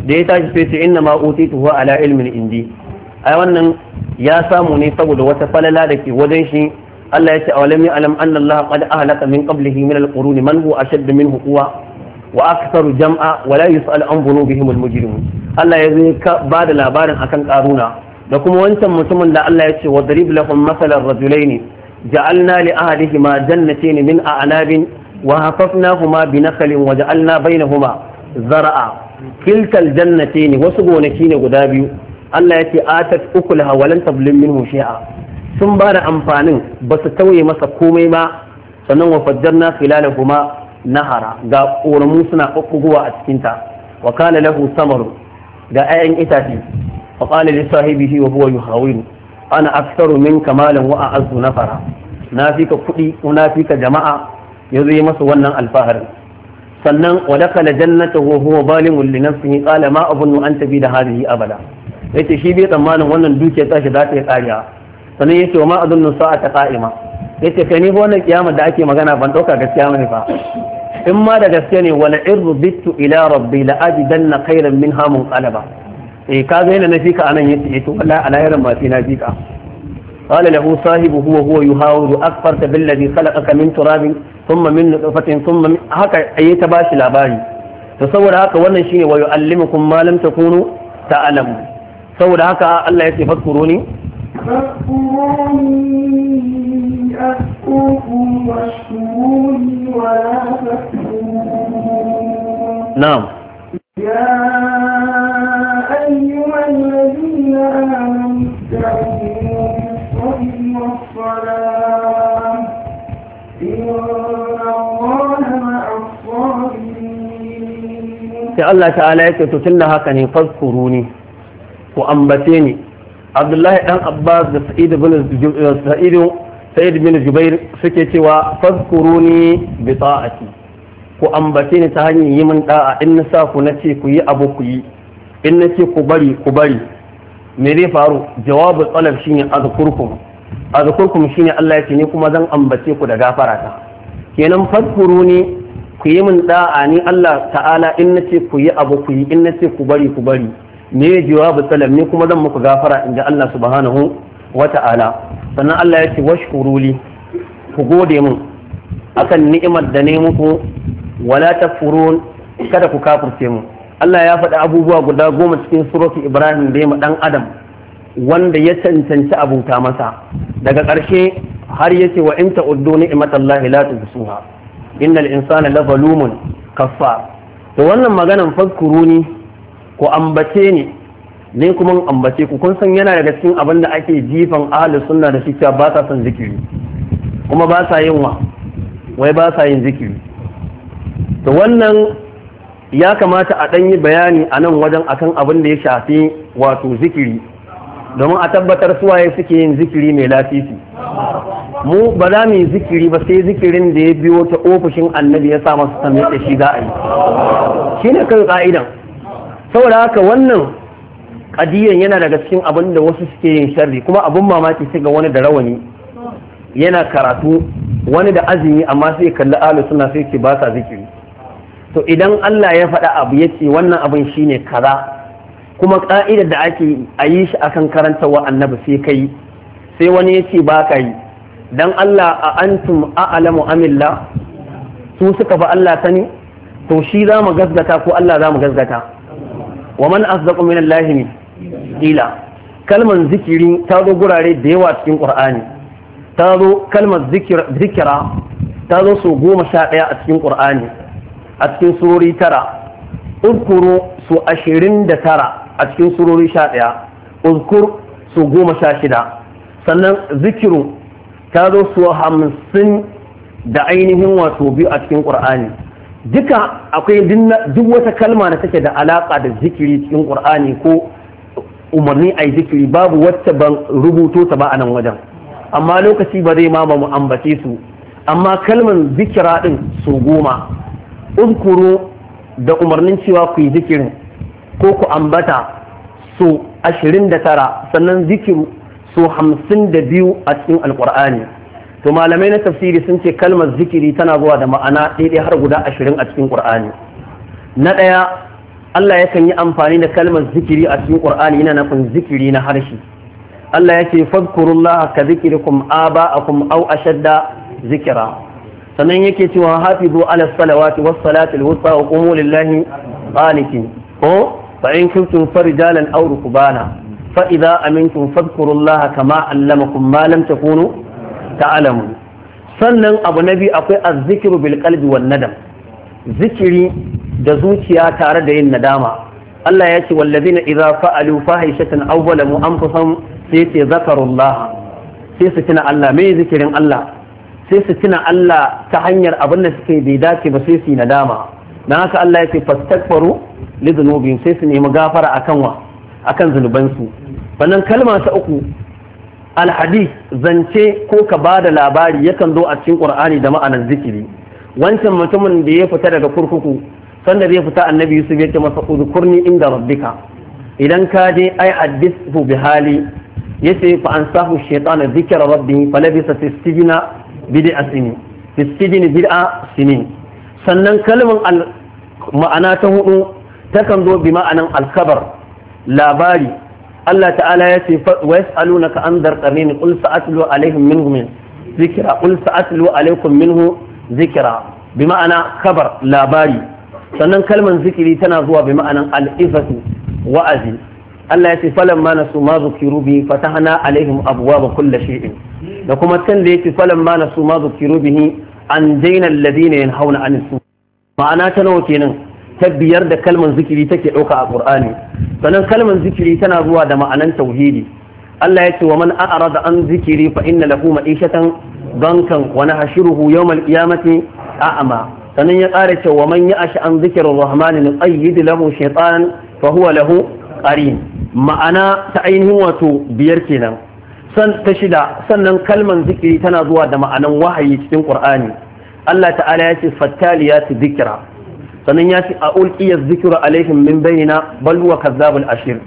da ya tashi sai ce inna ma utitu wa ala ilmin indi ai wannan ya samu ne saboda wata falala da ke wajen shi Allah ya ce awalam ya'lam anna Allah qad ahlaka min qablihi min al man huwa ashadd minhu quwwa wa aktharu jam'a wa la yus'al an dhunubihim al Allah ya zai ba da labarin akan karuna da kuma wancan mutumin da Allah ya ce wa darib lahum masalan rajulaini ja'alna li ahadihima jannatayn min a'nabin wa hafafnahuma bi nakhlin wa ja'alna bainahuma zar'a kiltal jannatayn wasu gonaki ne guda biyu Allah ya ce atat ukulaha wa lan tablim minhu shay'a sun ba da amfanin ba su tauye masa komai ba sannan wa fajjarna filalahuma nahara ga ƙoramu suna ƙwaƙƙuguwa a cikinta wa kana lahu samaru ga 'ya'yan itace وقال لصاحبه وهو يخاوين أنا أكثر منك مالا وأعز نفرا نافيك كدي ونافيك جماعة يزي مسونا الفهر سنن ودخل جنته وهو ظالم لنفسه قال ما أظن أن تبيد هذه أبدا yace shi bai tsammanin wannan dukiyar tashi za ta yi kariya sannan yace wa ma adunnu sa'ata qa'ima yace kai ni fa wannan kiyama da ake magana ban dauka gaskiya mai fa in ma da gaske ne wala irru bitu ila rabbi la ajidanna khairan minha munqalaba eh ka ga yana na fika anan yace eh to wallahi alayaran ma sai na fika qala lahu sahibu huwa huwa yuhawiru akfarta bil ladhi khalaqaka min turabin thumma min nutfatin thumma haka ayi ta bashi labari to saboda haka wannan shine wa yu'allimukum ma lam takunu ta'lamu saboda haka Allah yace fadkuruni فاذكروني أيها الذين آمنوا استعينوا بالصبر والصلاة إن الله مع الصابرين الله تعالى يكتب هكذا فاذكروني وأنبتيني عبد الله بن عباس سعيد بن سعيد سعيد بن جبير سكتي وفذكروني بطاعتي وأنبتيني ambace يمن ta إن yi min da'a in na ce ku bari ku bari me zai faru jawabu tsalab shine azkurkum azkurkum shine Allah ya ce ni kuma zan ambace ku da gafara ta kenan fadkuru ne ku yi min da'a ni Allah ta'ala in na ce ku yi abu ku yi in na ce ku bari ku bari me jawabu tsalab ni kuma zan muku gafara in ji Allah subhanahu wa ta'ala sannan Allah ya ce washkuruli ku gode min akan ni'imar da ne muku wala tafurun kada ku kafurce mu Allah ya faɗi abubuwa guda goma cikin suratu Ibrahim da ya ɗan Adam wanda ya cancanci abuta masa daga ƙarshe har ya ce wa in ta'uddu Allah la tuhsuha innal insana la zalumun kaffar to wannan maganan fazkuruni ko ambace ni ne kuma ambace ku kun san yana daga cikin abin da ake jifan ahli sunna da shi ba sa son zikiri kuma ba sa yin wa wai ba sa yin zikiri to wannan ya kamata a ɗanyi bayani a nan wajen akan abin da ya shafi wato zikiri domin a tabbatar suwaye suke yin zikiri mai lafifi. mu ba za mu yi zikiri ba sai zikirin da ya biyo ta ofishin annabi ya sa masu sami da shi za a yi shi ne kan ka'idan saboda haka wannan ƙadiyan yana daga cikin abin da wasu suke yin sharri kuma abin mamaki sai wani da rawani yana karatu wani da azumi amma sai kalli alu sai ce ba sa zikiri to idan Allah ya faɗa abu ya ce wannan abin shine kaza kuma ƙa'idar da ake a yi shi akan wa annabi sai kai sai wani ya ce ba ka yi dan Allah a antum a'lamu amilla su suka ba Allah sani to shi za mu gazgata ko Allah za mu gazgata? wa man asdaqu min Allah ila kalmar zikiri ta zo gurare da yawa cikin Qur'ani ta zo kalmar zikira ta zo so goma sha ɗaya a cikin Qur'ani a cikin surori tara uzkuru su ashirin da tara a cikin surori sha ɗaya uzkur su goma sha shida sannan zikiru ta zo su hamsin da ainihin wato biyu a cikin ƙur'ani duka akwai duk wata kalma da take da alaƙa da zikiri cikin ƙur'ani ko umarni a zikiri babu wata ban rubuto ta ba a nan wajen amma lokaci ba zai ma ba mu ambace su amma kalman zikira ɗin su goma uzkuru da umarnin cewa ku yi zikirin ko ku ambata su ashirin da tara sannan zikiru su hamsin da biyu a cikin alkur'ani to malamai na tafsiri sun ce kalmar zikiri tana zuwa da ma'ana daidai har guda ashirin a cikin ƙur'ani na ɗaya Allah yakan yi amfani da kalmar zikiri a cikin ƙur'ani yana nufin zikiri na harshe Allah ya ce fadkurullah ka zikirikum aba'akum aw ashadda zikira sannan yake cewa hafizu ala salawati was salati al wusta wa qumu lillahi qanitin ko fa in kuntum farijalan aw rukbana fa idza amintum fadhkurullaha kama allamakum ma lam takunu ta'lamun sannan abu nabi akwai azzikru bil qalbi wan nadam zikiri da zuciya tare da yin nadama Allah ya ce wallazina idza fa'alu fahishatan aw zalamu anfusahum sai ce zakarullah sai su tuna Allah me zikirin Allah sai su tuna Allah ta hanyar abin da suke bai dace ba sai su yi nadama na haka Allah ya ce fastaghfiru li dhunubihim sai su nemi gafara akan wa akan zunubansu wannan kalma ta uku alhadith zance ko ka ba da labari yakan zo a cikin qur'ani da ma'anar zikiri wancan mutumin da ya fita daga kurkuku sanda zai fita annabi yusuf ya ce masa udkurni inda rabbika idan ka je ai hadithu bi hali yace fa ansahu shaytanu dhikra rabbi falabisa fi bid'a sinin fi sijni bid'a sinin sannan kalmar ma'ana ta hudu takan zo bi ma'anan kabar labari Allah ta'ala ya ce wa yas'alunaka an darqamin qul sa'atlu alaihim minhu min zikra qul sa'atlu alaikum minhu zikra bi ma'ana kabar labari sannan kalmar zikiri tana zuwa bi ma'anan al'ifatu wa'azi Allah ya ce falan ma nasu ma zukiru bi fatahna alaihim abwaaba kulli shay'in da kuma can da yake falan ma nasu ma zukiru bihi an daina alladhina yanhauna anis ma'ana ta nawa kenan ta biyar da kalmar zikiri take ɗauka a Qur'ani sannan kalmar zikiri tana zuwa da ma'anan tauhidi Allah ya ce wa man a'rada an zikiri fa inna lahu ma'ishatan bankan wa nahshuruhu yawmal qiyamati a'ma sannan ya ƙara cewa man ya ashi an zikirin rahmanin ayyidi lahu shaitan fa huwa lahu qarin ma'ana ta ainihin wato biyar kenan san ta shida sannan kalman zikiri tana zuwa da ma'anan wahayi cikin qur'ani Allah ta'ala ya ce fattaliyatu dhikra sannan ya ce a ulqiya dhikru alaihim min bainina bal huwa kazzabul ashir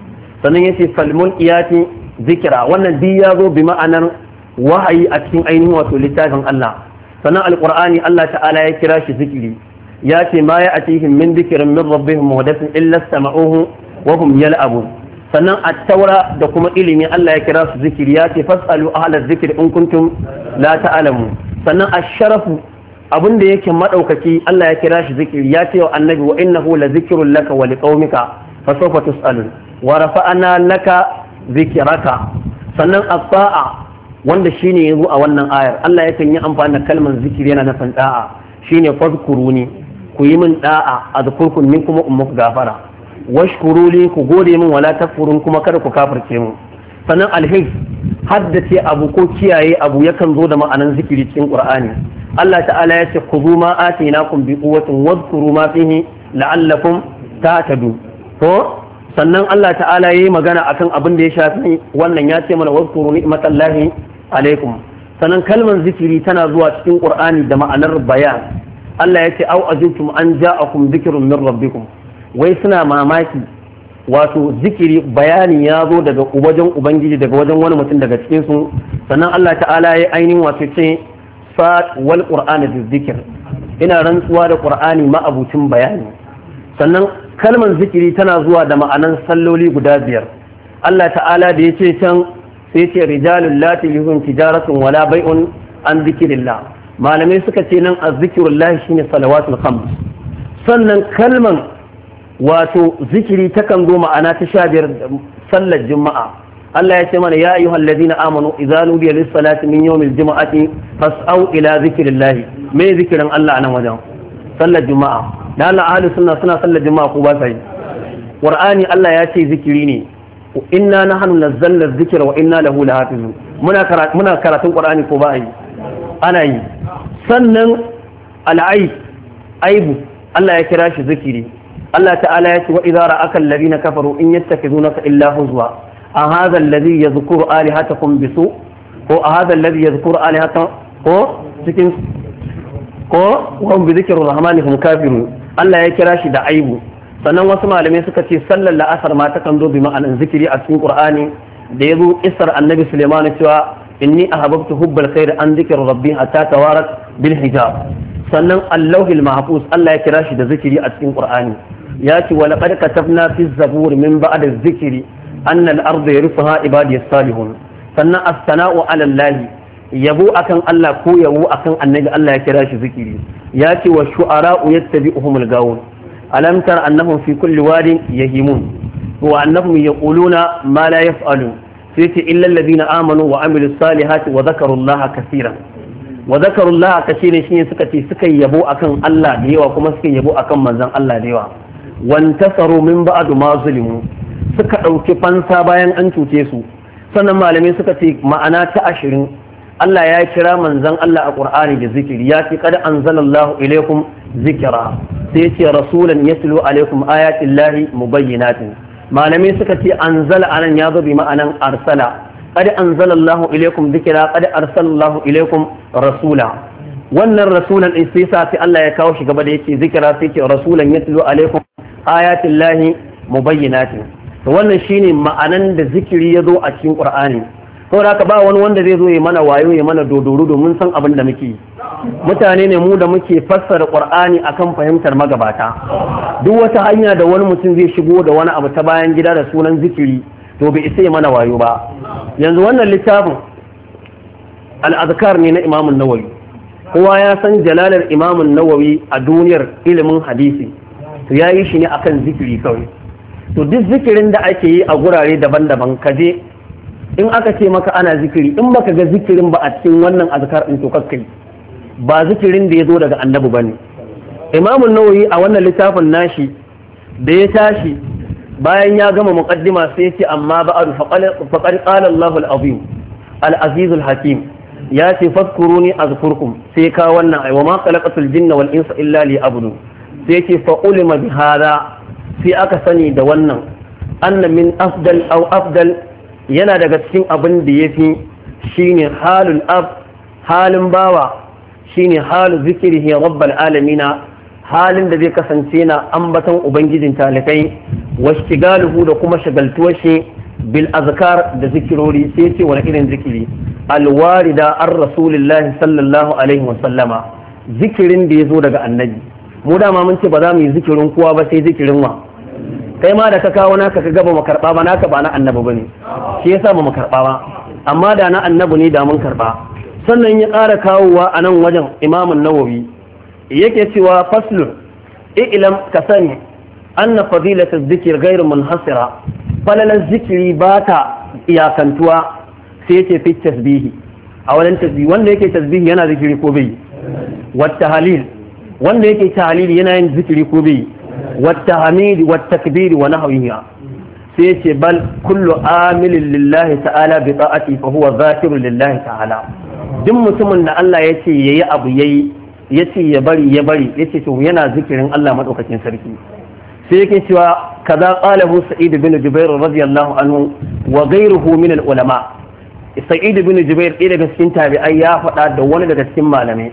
sannan ya ce falmulqiyati dhikra wannan bi ya zo bi ma'anar wahayi a cikin ainihin wato littafin Allah sannan alqur'ani Allah ta'ala ya kira shi zikiri ya ce ma ya atihim min dhikrin min rabbihim muhdathin illa sama'uhu wa hum yal'abun sannan a taura da kuma ilimi Allah ya kira su zikiri ya ce fasalu ahla zikir in kuntum la ta'lamu sannan asharafu sharafu abin da yake madaukaki Allah ya kira shi zikiri ya ce wa annabi wa innahu la zikrun laka wa liqaumika fa sawfa tusalun wa rafa'ana laka zikraka sannan as wanda shine yanzu a wannan ayar Allah yakan yi amfani da kalmar zikiri yana nufin da'a shine fadkuruni ku yi min da'a azkurkum min kuma ummuk gafara washkuruli ku gode min wala takfurun kuma kada ku kafirce mu sannan alhif haddace abu ko kiyaye abu yakan zo da ma'anan zikiri cikin qur'ani Allah ta'ala ya ce khudhu ma atainakum bi quwwatin wadhkuru ma fihi la'allakum tatadu to sannan Allah ta'ala yayi magana akan abin da ya shafi wannan ya ce mana wadhkuru ni'matallahi alaikum sannan kalmar zikiri tana zuwa cikin qur'ani da ma'anar bayan Allah ya ce au ajibtum an ja'akum dhikrun min rabbikum wai suna mamaki wato zikiri bayani ya zo daga wajen ubangiji daga wajen wani mutum daga cikin su sannan Allah ta'ala ya ainihin wato ce fat wal qur'ani zikir ina rantsuwa da qur'ani ma'abucin bayani sannan kalmar zikiri tana zuwa da ma'anan salloli guda biyar Allah ta'ala da ya ce can sai ce rijalul lati yuhum tijaratun wala bai'un an zikirillah malamai suka ce nan azzikirullahi shine salawatul khams sannan kalman wato zikiri takan zo ma'ana ta sha biyar sallar juma'a Allah ya ce mana ya ayyuhal ladina amanu idza nudiya lis salati min yawmil juma'ati fas'au ila zikrillah me zikirin Allah nan wajen sallar juma'a dan Allah ahlus sunna suna sallar juma'a ko ba sa yi qur'ani Allah ya ce zikiri ne inna nahnu nazzalna dhikra wa inna lahu lahafizun muna karatu muna karatun qur'ani ko ba yi ana yi sannan al'aib aibu Allah ya kira shi zikiri Allah ta'ala ya ce wa idza ra'aka alladhina kafaru in yattakhidunaka illa huzwa a hadha alladhi yadhkuru alihatakum bisu ko a hadha alladhi yadhkuru alihatakum ko cikin ko wa bi dhikri rahmani hum kafirun Allah ya kira shi da aibu sannan wasu malamai suka ce sallar la'asar ma ta kan zo bi ma'anan zikiri a cikin qur'ani da yazo isar annabi sulaiman cewa inni ahabbtu hubbal khair an dhikri rabbi hatta tawarat bil hijab sannan allahil mahfuz Allah ya kira shi da zikiri a cikin qur'ani ya ce wa qad katafna fi zabur min ba'da zikiri anna al-ardha yarithuha ibadi salihun sannan as-sana'u 'ala Allah yabo akan Allah ko yabo akan annabi Allah ya kira shi zikiri ya ce wa shu'ara'u yattabi'uhum al-gawun alam tara annahum fi kulli wadin yahimun wa annahum yaquluna ma la yaf'alun sai illa alladhina amanu wa amilus salihati wa dhakaru Allah kaseeran wa zakarullaha kace ne shine suka ce suka yabo akan Allah da yawa kuma suka yabo akan manzon Allah da yawa wantasaru min ba'du ma zulimu suka ɗauki fansa bayan an cuce su sannan malamai suka ce ma'ana ta ashirin Allah ya kira manzon Allah a Qur'ani da zikiri ya ce kada anzalallahu ilaikum zikira sai ce rasulan yatlu alaikum ayatin lahi mubayyinatin malamai suka ce anzala anan ya zo bi ma'anan arsala kada anzalallahu ilaikum zikira kada arsalallahu ilaikum rasula wannan rasulan din sai sa sai Allah ya kawo shi gaba da yake zikira sai ce rasulan yatlu alaikum ayatin lahi mubayyinatin to wannan shine ma'anan da zikiri ya zo a cikin qur'ani da haka ba wani wanda zai zo ya mana wayo ya mana dodoro domin san abin da muke mutane ne mu da muke fassara qur'ani akan fahimtar magabata duk wata hanya da wani mutum zai shigo da wani abu ta bayan gida da sunan zikiri to bai isa ya mana wayo ba yanzu wannan littafin al ne na imamun nawawi kowa ya san jalalar imamun nawawi a duniyar ilimin hadisi to ya yi shi ne akan zikiri kawai to duk zikirin da ake yi a gurare daban-daban ka je in aka ce maka ana zikiri in baka ga zikirin ba a cikin wannan azkar in to kakkai ba zikirin da ya zo daga annabi bane imamun nawawi a wannan littafin nashi da ya tashi bayan ya gama muqaddima sai ya ce amma ba'ad faqal qala Allahu al-azim al azizul hakim ya ce fadkuruni azkurkum sai ka wannan ai wa ma khalaqatul jinna wal insa illa liya'budun sai ce fa ulima bi hada sai aka sani da wannan anna min afdal aw afdal yana daga cikin abin da yafi shine halul ab halin bawa shine halu zikrihi rabbal alamina halin da zai kasance na ambaton ubangijin talikai washtigaluhu da kuma shagaltuwar shi bil azkar da zikirori sai ce wani irin zikiri alwarida an rasulillahi sallallahu alaihi wasallama zikirin da ya zo daga annabi mu dama mun ce ba za mu yi zikirin kowa ba sai zikirin wa kai ma da ka kawo naka ka gaba makarba ba naka ba na annabi bane shi yasa ba makarba ba amma da na annabi ne da mun karba sannan ya ƙara kawowa a nan wajen imamun nawawi yake cewa faslu ilam ka sani anna fadilatu dhikr ghairu munhasira falalar zikiri ba ta iyakantuwa sai yake fi tasbihi a wajen tasbihi wanda yake tasbihi yana zikiri ko bai wata halil wanda yake tahalil yana yin zikiri ko bai wata hamidi wata kabiri wani nahawiya sai yace bal kullu amilin lillahi ta'ala bi ta'ati fa huwa zakirun lillahi ta'ala duk mutumin da Allah ya ce yayi abu yayi ya ce ya bari ya bari yace to yana zikirin Allah madaukakin sarki sai yake cewa كذا قاله سعيد بن جبير رضي الله عنه وغيره من العلماء سعيد بن جبير إلى ya تابعي يا wani daga cikin مالمي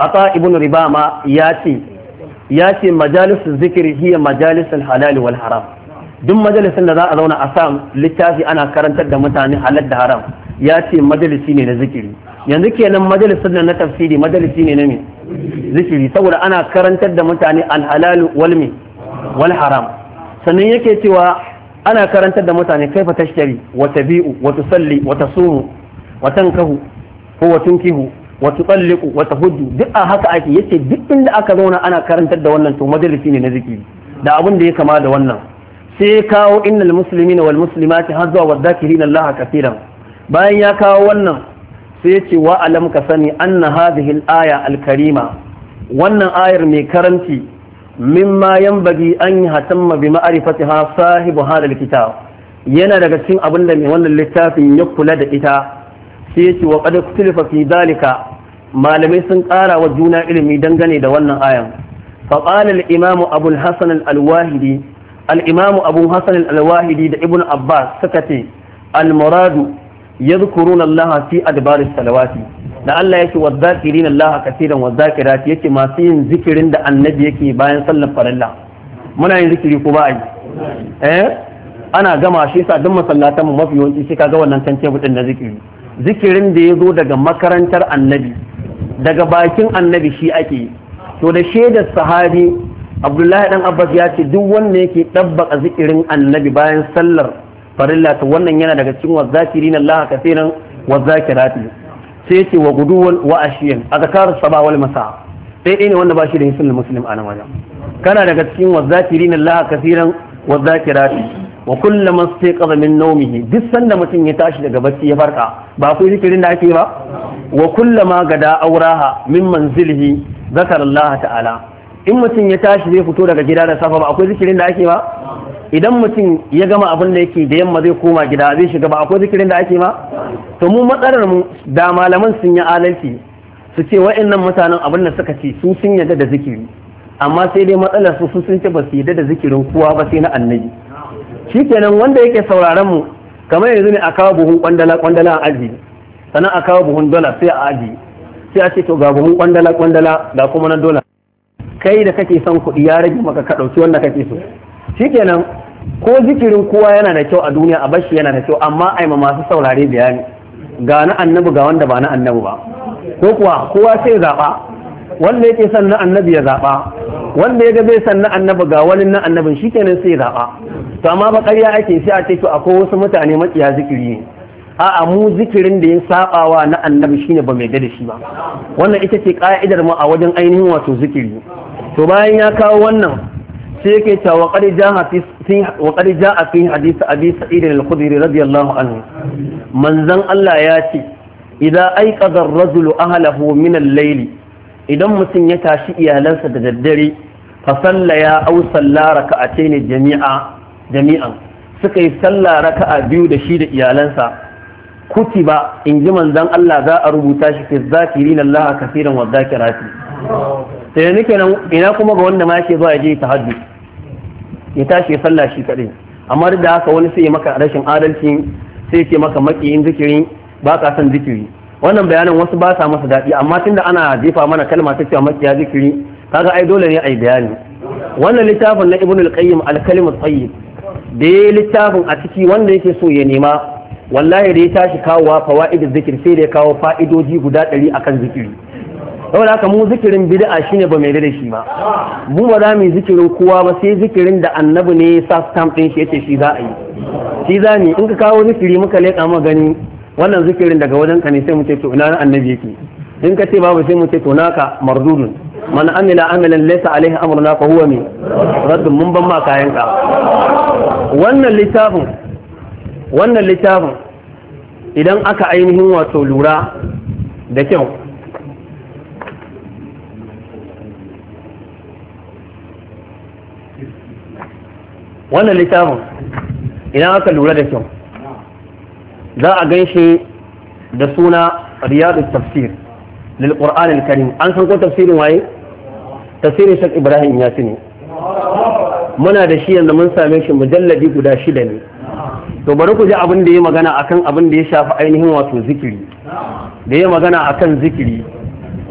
أطاء ابن ربامة ياتي ياتي مجالس الذكر هي مجالس الحلال والحرام duk majalisin da za a zauna a sam littafi ana karantar da mutane halal da haram ya ce majalisi ne zikiri yanzu kenan majalisin da na tafsiri majalisi ne na me zikiri saboda ana karantar da mutane alhalalu walmi wal haram sannan yake cewa ana karantar da mutane kaifa tashtari wa tabi'u wa tusalli wa tasumu wa tankahu ko wa tunkihu wa tutalliqu wa tahuddu duk a haka ake yace duk inda aka zauna ana karantar da wannan to majalisi ne na zikiri da abin da ya kama da wannan sai ya kawo innal muslimina wal muslimati har zuwa wadhakirina Allah kaseeran bayan ya kawo wannan sai ya ce wa alam ka sani anna hadhihi al-aya al-karima wannan ayar mai karanci mimma yanbaghi an yahtamma bi ha sahibu hadha alkitab yana daga cikin abin da mai wannan littafin ya kula da ita sai yace wa qad kutilifa fi dalika malamai sun ƙara wa juna ilimi dangane da wannan ayan fa qala al-imam abu al-hasan al-wahidi al-imam abu hasan al da ibn abbas suka ce al-muradu yadhkuruna allaha fi adbar salawati da Allah yake wa zakirin Allah kaseeran wa zakirat yake masu yin zikirin da annabi yake bayan sallar farilla muna yin zikiri ko ba a yi eh ana gama shi sa duk masallatan mu mafi yawanci sai kaga wannan kan tebur na zikiri zikirin da ya zo daga makarantar annabi daga bakin annabi shi ake to da shaidar sahabi abdullahi dan abbas ya ce duk wanda yake dabbaka zikirin annabi bayan sallar farilla to wannan yana daga cikin wazakirin Allah kaseeran wazakirati sai yace wa guduwal wa ashiyan azkar sabah wal masa sai ne wanda shi da hisul muslim anan wajen kana daga cikin wazakirin Allah kaseeran wazakirati wa kullama istaqadha min nawmihi duk sanda mutum ya tashi daga bacci ya farka ba akwai zikirin da ake ba wa kullama gada auraha min manzilihi zakar Allah ta'ala in mutum ya tashi zai fito daga gida da safa ba akwai zikirin da ake ba idan mutum ya gama abin da yake da yamma zai koma gida zai shiga ba akwai zikirin da ake ma to mu matsalar mu da malaman sun yi adalci su ce wa'annan mutanen abin da suka ce su sun yarda da zikiri amma sai dai matsalar su sun ce ba su yarda da zikirin kowa ba sai na annabi shikenan wanda yake sauraron mu kamar yanzu ne a kawo buhun kwandala kwandala a aji sannan a kawo buhun dola sai a aji sai a ce to ga buhun kwandala kwandala da kuma na dola kai da kake son kuɗi ya rage maka ka ɗauki wanda kake so shikenan ko zikirin kowa yana da kyau a duniya a bashi yana da kyau amma ai ma masu saurare bayani ga na annabi ga wanda ba na annabi ba ko kuwa kowa sai zaɓa wanda yake son na annabi ya zaɓa wanda ya ga bai san na annabi ga wani na annabin shi kenan sai zaɓa to amma ba ƙarya ake sai a ce to akwai wasu mutane matsiya zikiri ne a'a mu zikirin da ya saɓawa na annabi shine ba mai da shi ba wannan ita ce ƙa'idar mu a wajen ainihin wato zikiri to bayan ya kawo wannan sai yake cewa wa qad jaa fi fi hadith abi sa'id al radiyallahu anhu manzon Allah ya ce idza ayqadha ar-rajulu ahlahu min al-layl idan mutum ya tashi iyalansa da daddare fa sallaya aw salla raka'atayn jami'a jami'an suka yi salla raka'a biyu da shi da iyalansa kutiba in ji manzon Allah za a rubuta shi fi zakirin Allah kafiran wa zakirati sai nake nan ina kuma ga wanda ma yake zuwa ya je tahajjud ya tashi ya sallah shi kaɗai amma da haka wani sai maka rashin adalci sai ce maka makiyin zikiri ba ka son zikiri wannan bayanin wasu ba sa masa daɗi amma tunda ana jefa mana kalma ta cewa ya zikiri kaga ai dole ne ai bayani wannan littafin na ibnu al-qayyim al-kalim tayyib da ya littafin a ciki wanda yake so ya nema wallahi da ya tashi kawowa fawaidul zikir sai da ya kawo fa'idoji guda ɗari akan zikiri saboda haka mu zikirin bid'a shine ba mai da shi ba mu ba za mu zikirin kowa ba sai zikirin da annabi ne sa stamp din shi yace shi za a yi shi za ni in ka kawo zikiri muka leka mu gani wannan zikirin daga wajen ka ne sai mu ce to ina annabi yake in ka ce babu sai mu ce to naka mardudun man amila amalan laysa alaihi amruna fa huwa min raddun mun ban ma kayan ka wannan littafin wannan littafin idan aka ainihin wato lura da kyau wannan littafin idan aka lura da kyau za a gan da suna riyadu tafsir lil karim an san ko tafsirin waye tafsirin shak ibrahim ya ne muna da shi yanzu mun same shi mujalladi guda shida ne to bari ku ji abin da ya magana akan abin da ya shafi ainihin wato zikiri da ya magana akan zikiri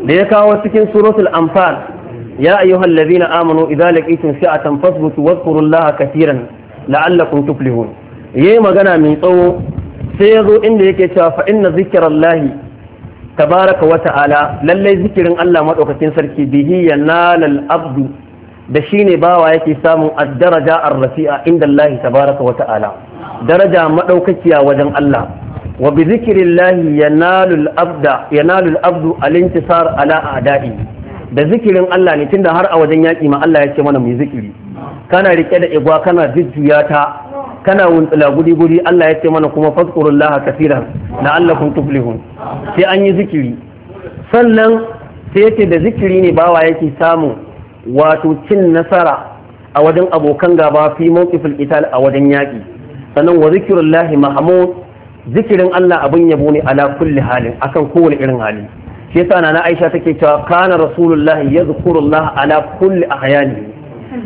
da ya kawo cikin suratul anfal ya ayyuhal ladina amanu idza laqitum fi'atan fasbutu wadhkurullaha katiran la'allakum tuflihun yayi magana mai tsawo sai ya inda yake cewa fa inna zikirallahi tabaraka wata ala lallai zikirin Allah madaukakin sarki bihi yanalal abdu da shine bawa yake samun ad-daraja ar-rafi'a inda Allah tabaraka wa ala daraja madaukakiya wajen Allah wa bi zikrillahi yanalul abda yanalul abdu al-intisar ala a'da'i da zikirin Allah ne tunda har a wajen yaƙi ma Allah ya ce mana mu zikiri kana rike da igwa kana jujjuya ta kana wuntsula guri guri Allah ya ce mana kuma fadkurullaha kaseeran la'allakum tuflihun sai an yi zikiri sannan sai yake da zikiri ne bawa yake samu wato cin nasara a wajen abokan gaba fi mawqifil qital a wajen yaƙi sannan wa zikrullahi mahmud zikirin Allah abin yabo ne ala kulli halin akan kowane irin hali shi yasa na Aisha take cewa kana rasulullahi yadhkurullah ala kulli ahyani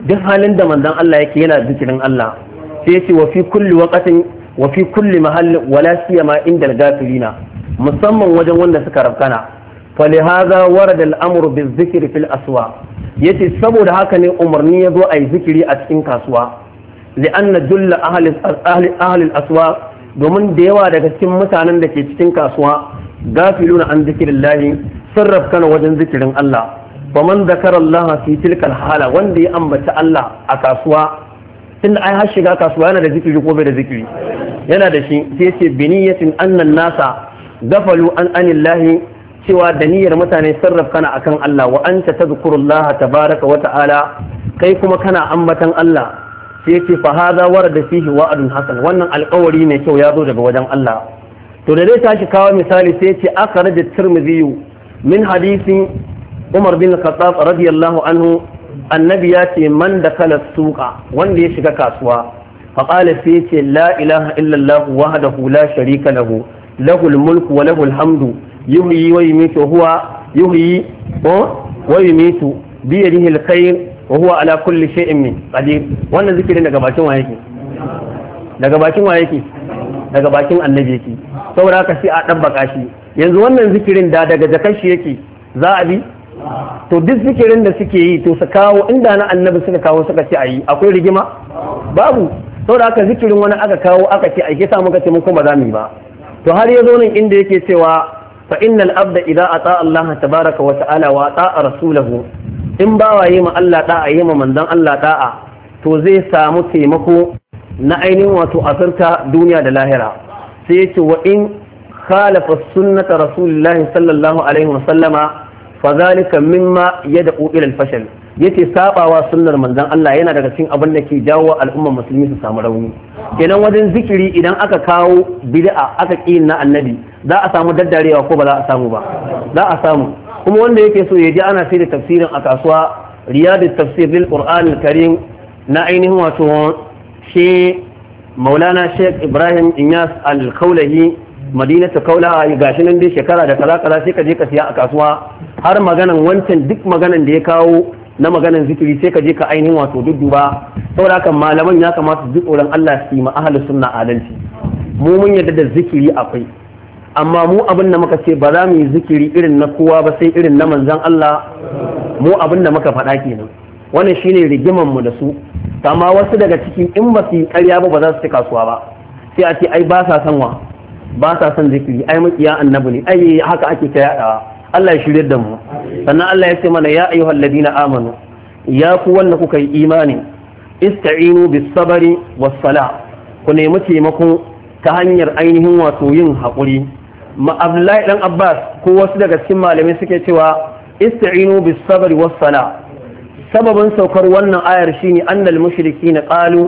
duk halin da manzon Allah yake yana zikirin Allah sai yace wa fi kulli waqatin wa fi kulli wa la siyama indal gafilina musamman wajen wanda suka rabkana hadha warada al'amur bil zikiri fil aswa yace saboda haka ne umarni ya zo a zikiri a cikin kasuwa anna dulla ahli ahli aswa domin da yawa daga cikin mutanen da ke cikin kasuwa gafiluna an zikirillahi sarraf kana wajen zikirin Allah faman zakara Allah fi tilkal hala wanda ya ambaci Allah a kasuwa tunda ai har shiga kasuwa yana da zikiri ko bai da zikiri yana da shi sai ce biniyatin annan nasa gafalu an anillahi cewa da niyyar mutane sarraf kana akan Allah wa anta tadhkurullaha tabaraka wa ta'ala kai kuma kana ambatan Allah sai ce fa hadha warada fihi wa'adun hasan wannan alƙawari ne kyau ya zo daga wajen Allah to da zai tashi kawo misali sai ce akhraj at-tirmidhi min hadisin Umar bin Khattab radiyallahu anhu annabi ya ce man da dakala suqa wanda ya shiga kasuwa fa qala sai ce la ilaha illallah wahdahu la sharika lahu lahul mulku wa lahul hamdu yuhyi wa yumiitu huwa yuhyi wa yumiitu bi yadihi al wa huwa ala kulli shay'in qadir wannan zikirin daga bakin waye ke? daga bakin waye ke? daga bakin annabi yake saboda haka sai a ɗabbaka shi yanzu wannan zikirin da daga jakan shi yake za a bi to duk zikirin da suke yi to su kawo inda na annabi suka kawo suka ce ayi akwai rigima babu saboda haka zikirin wani aka kawo aka ce ayi sa muka ce mun kuma za mu yi ba to har ya zo nan inda yake cewa fa innal abda idza ata Allah tabaaraka wa ta'ala wa ta'a rasulahu in ba bawaye ma Allah da'a yi ma manzon Allah da'a to zai samu taimako na ainihin wato asarta duniya da lahira sai yace wa in khalafa sunnata rasulillahi sallallahu alaihi wa sallama fa zalika mimma yad'u ila al-fashal yace sabawa sunnar manzon Allah yana daga cikin abin da ke jawo al'ummar musulmi su samu rauni kenan wajen zikiri idan aka kawo bid'a aka ƙi na annabi za a samu daddarewa ko ba za a samu ba za a samu kuma wanda yake so ya ji ana sai da tafsirin a kasuwa riyadu tafsir bil qur'an karim na ainihin wato shi maulana sheikh ibrahim inyas al-kaulahi madina ta kaula a gashi nan dai shekara da kala kala sai ka je ka siya a kasuwa har maganan wancan duk maganan da ya kawo na maganan zikiri sai ka je ka ainihin wato dudduba saboda haka malaman ya kamata duk tsoron Allah su yi ma sunna adalci mu mun yarda da zikiri akwai amma mu abin da muka ce ba za mu yi zikiri irin na kowa ba sai irin na manzan Allah mu abin da muka faɗa kenan wannan shine rigimanmu da su kama wasu daga cikin in ba su yi ba ba za su ci kasuwa ba sai a ce ai ba sa son wa ba sa son zikiri ai makiya annabi ne ai haka ake ta yadawa Allah ya shirye da mu sannan Allah ya ce mana ya ayyuhal ladina amanu ya ku wanda kuka yi imani ista'inu bis sabari was sala ku nemi taimako ta hanyar ainihin wato yin haƙuri Abdullahi dan abbas ko wasu daga cikin malamai suke cewa ista'inu bis sabari was sala sababin saukar wannan ayar shine annal mushriki na ƙalu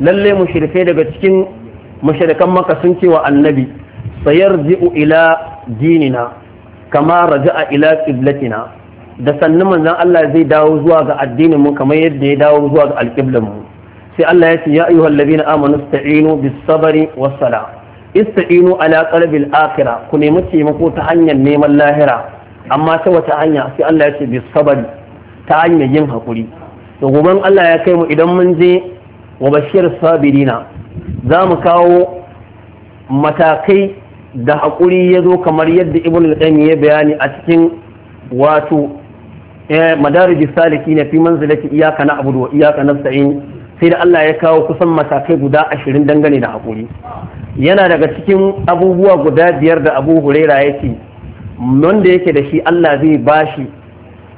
lalle mushrike daga cikin mushrikan maka sun cewa annabi sayar ji'u ila dinina kama raja'a ila qiblatina da sannu manzan Allah zai dawo zuwa ga addinin mu kamar yadda ya dawo zuwa ga alqiblan mu sai Allah ya ce ya ayyuhal ladina amanu ista'inu bis sabri was sala ista'inu ala qalbil akhirah ku nemi taimako ta hanyar neman lahira amma ta wata hanya sai Allah ya ce bis sabri ta hanyar yin hakuri to goben Allah ya kai mu idan mun je wa bashir sabirina za mu kawo matakai da hakuri ya zo kamar yadda ibn al ya bayani a cikin wato eh, saliki na fi iyaka na abudu iyaka na sain sai da Allah ya kawo kusan matakai guda ashirin dangane da hakuri. yana daga cikin abubuwa guda biyar da Abu Huraira yake wanda yake da shi Allah zai bashi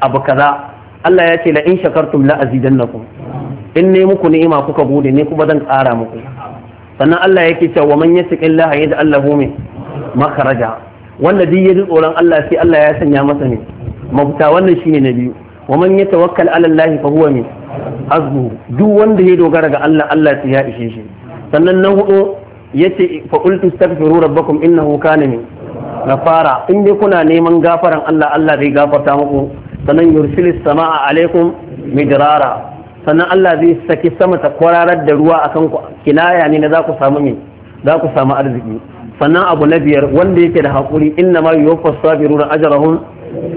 abu kaza Allah ya ce la in shakartum la azidannakum in ne muku ni'ima kuka gode ne kuma zan ƙara muku sannan Allah yake cewa wa man yattaqillaha yaj'al lahu min makhraja wanda duk yaji tsoron Allah sai Allah ya sanya masa ne mafita wannan shine na biyu wa man yatawakkal ala Allah fa huwa min hasbu duk wanda ya dogara ga Allah Allah sai ya ishe shi sannan na hudu yace fa qultu astaghfiru rabbakum innahu kana min gafara in dai kuna neman gafaran Allah Allah zai gafarta muku sannan yursil sama'a alaikum midrara sannan Allah zai saki sama ta kwararar da ruwa akan ku kinaya ne na za ku samu me za ku samu arziki sannan abu na biyar wanda yake da haƙuri inna ma yuwaffas sabiruna ajrahum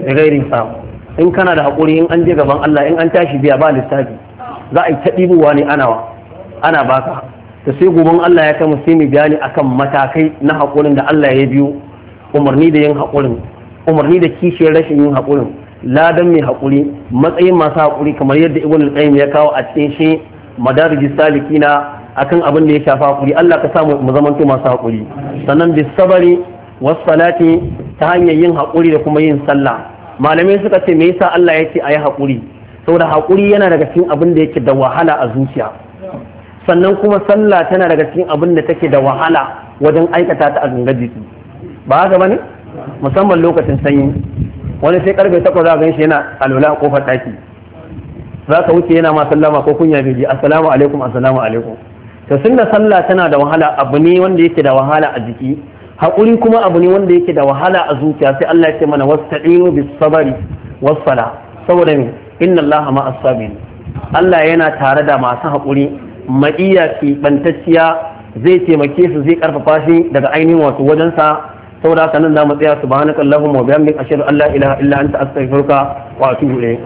bighairi hisab in kana da haƙuri in an je gaban Allah in an tashi biya ba lissafi za a yi ta ɗibowa ne anawa ana baka to sai goben Allah ya kama sai mu bayani akan matakai na haƙurin da Allah ya biyo umarni da yin haƙurin umarni da kishiyar rashin yin haƙurin ladan mai haƙuri matsayin masu haƙuri kamar yadda ibn al-qayyim ya kawo a cikin shi madarijis salikina akan abin da ya shafa haƙuri Allah ka samu mu zamanto masu haƙuri sannan bis sabari was salati ta hanyar yin haƙuri da kuma yin sallah malamai suka ce me yasa Allah ya ce ayi haƙuri saboda haƙuri yana daga cikin abin da yake da wahala a zuciya sannan kuma sallah tana daga cikin abin da take da wahala wajen aikata ta a gangar jiki ba haka bane musamman lokacin sanyi wani sai karfe takwas za a gan shi yana alwala a kofar ɗaki za ka wuce yana ma sallama ko kunya bai ji assalamu alaikum assalamu alaikum to sunna sallah tana da wahala abu ne wanda yake da wahala a jiki haƙuri kuma abu ne wanda yake da wahala a zuciya sai Allah ya ce mana wasta'inu bis sabari was sala saboda me inna Allah ma as Allah yana tare da masu haƙuri ma'iya bantacciya zai taimake su zai karfafa shi daga ainihin wato wajensa saboda haka nan zamu tsaya subhanaka allahumma wa bihamdika ashhadu an la ilaha illa anta astaghfiruka wa atubu ilayk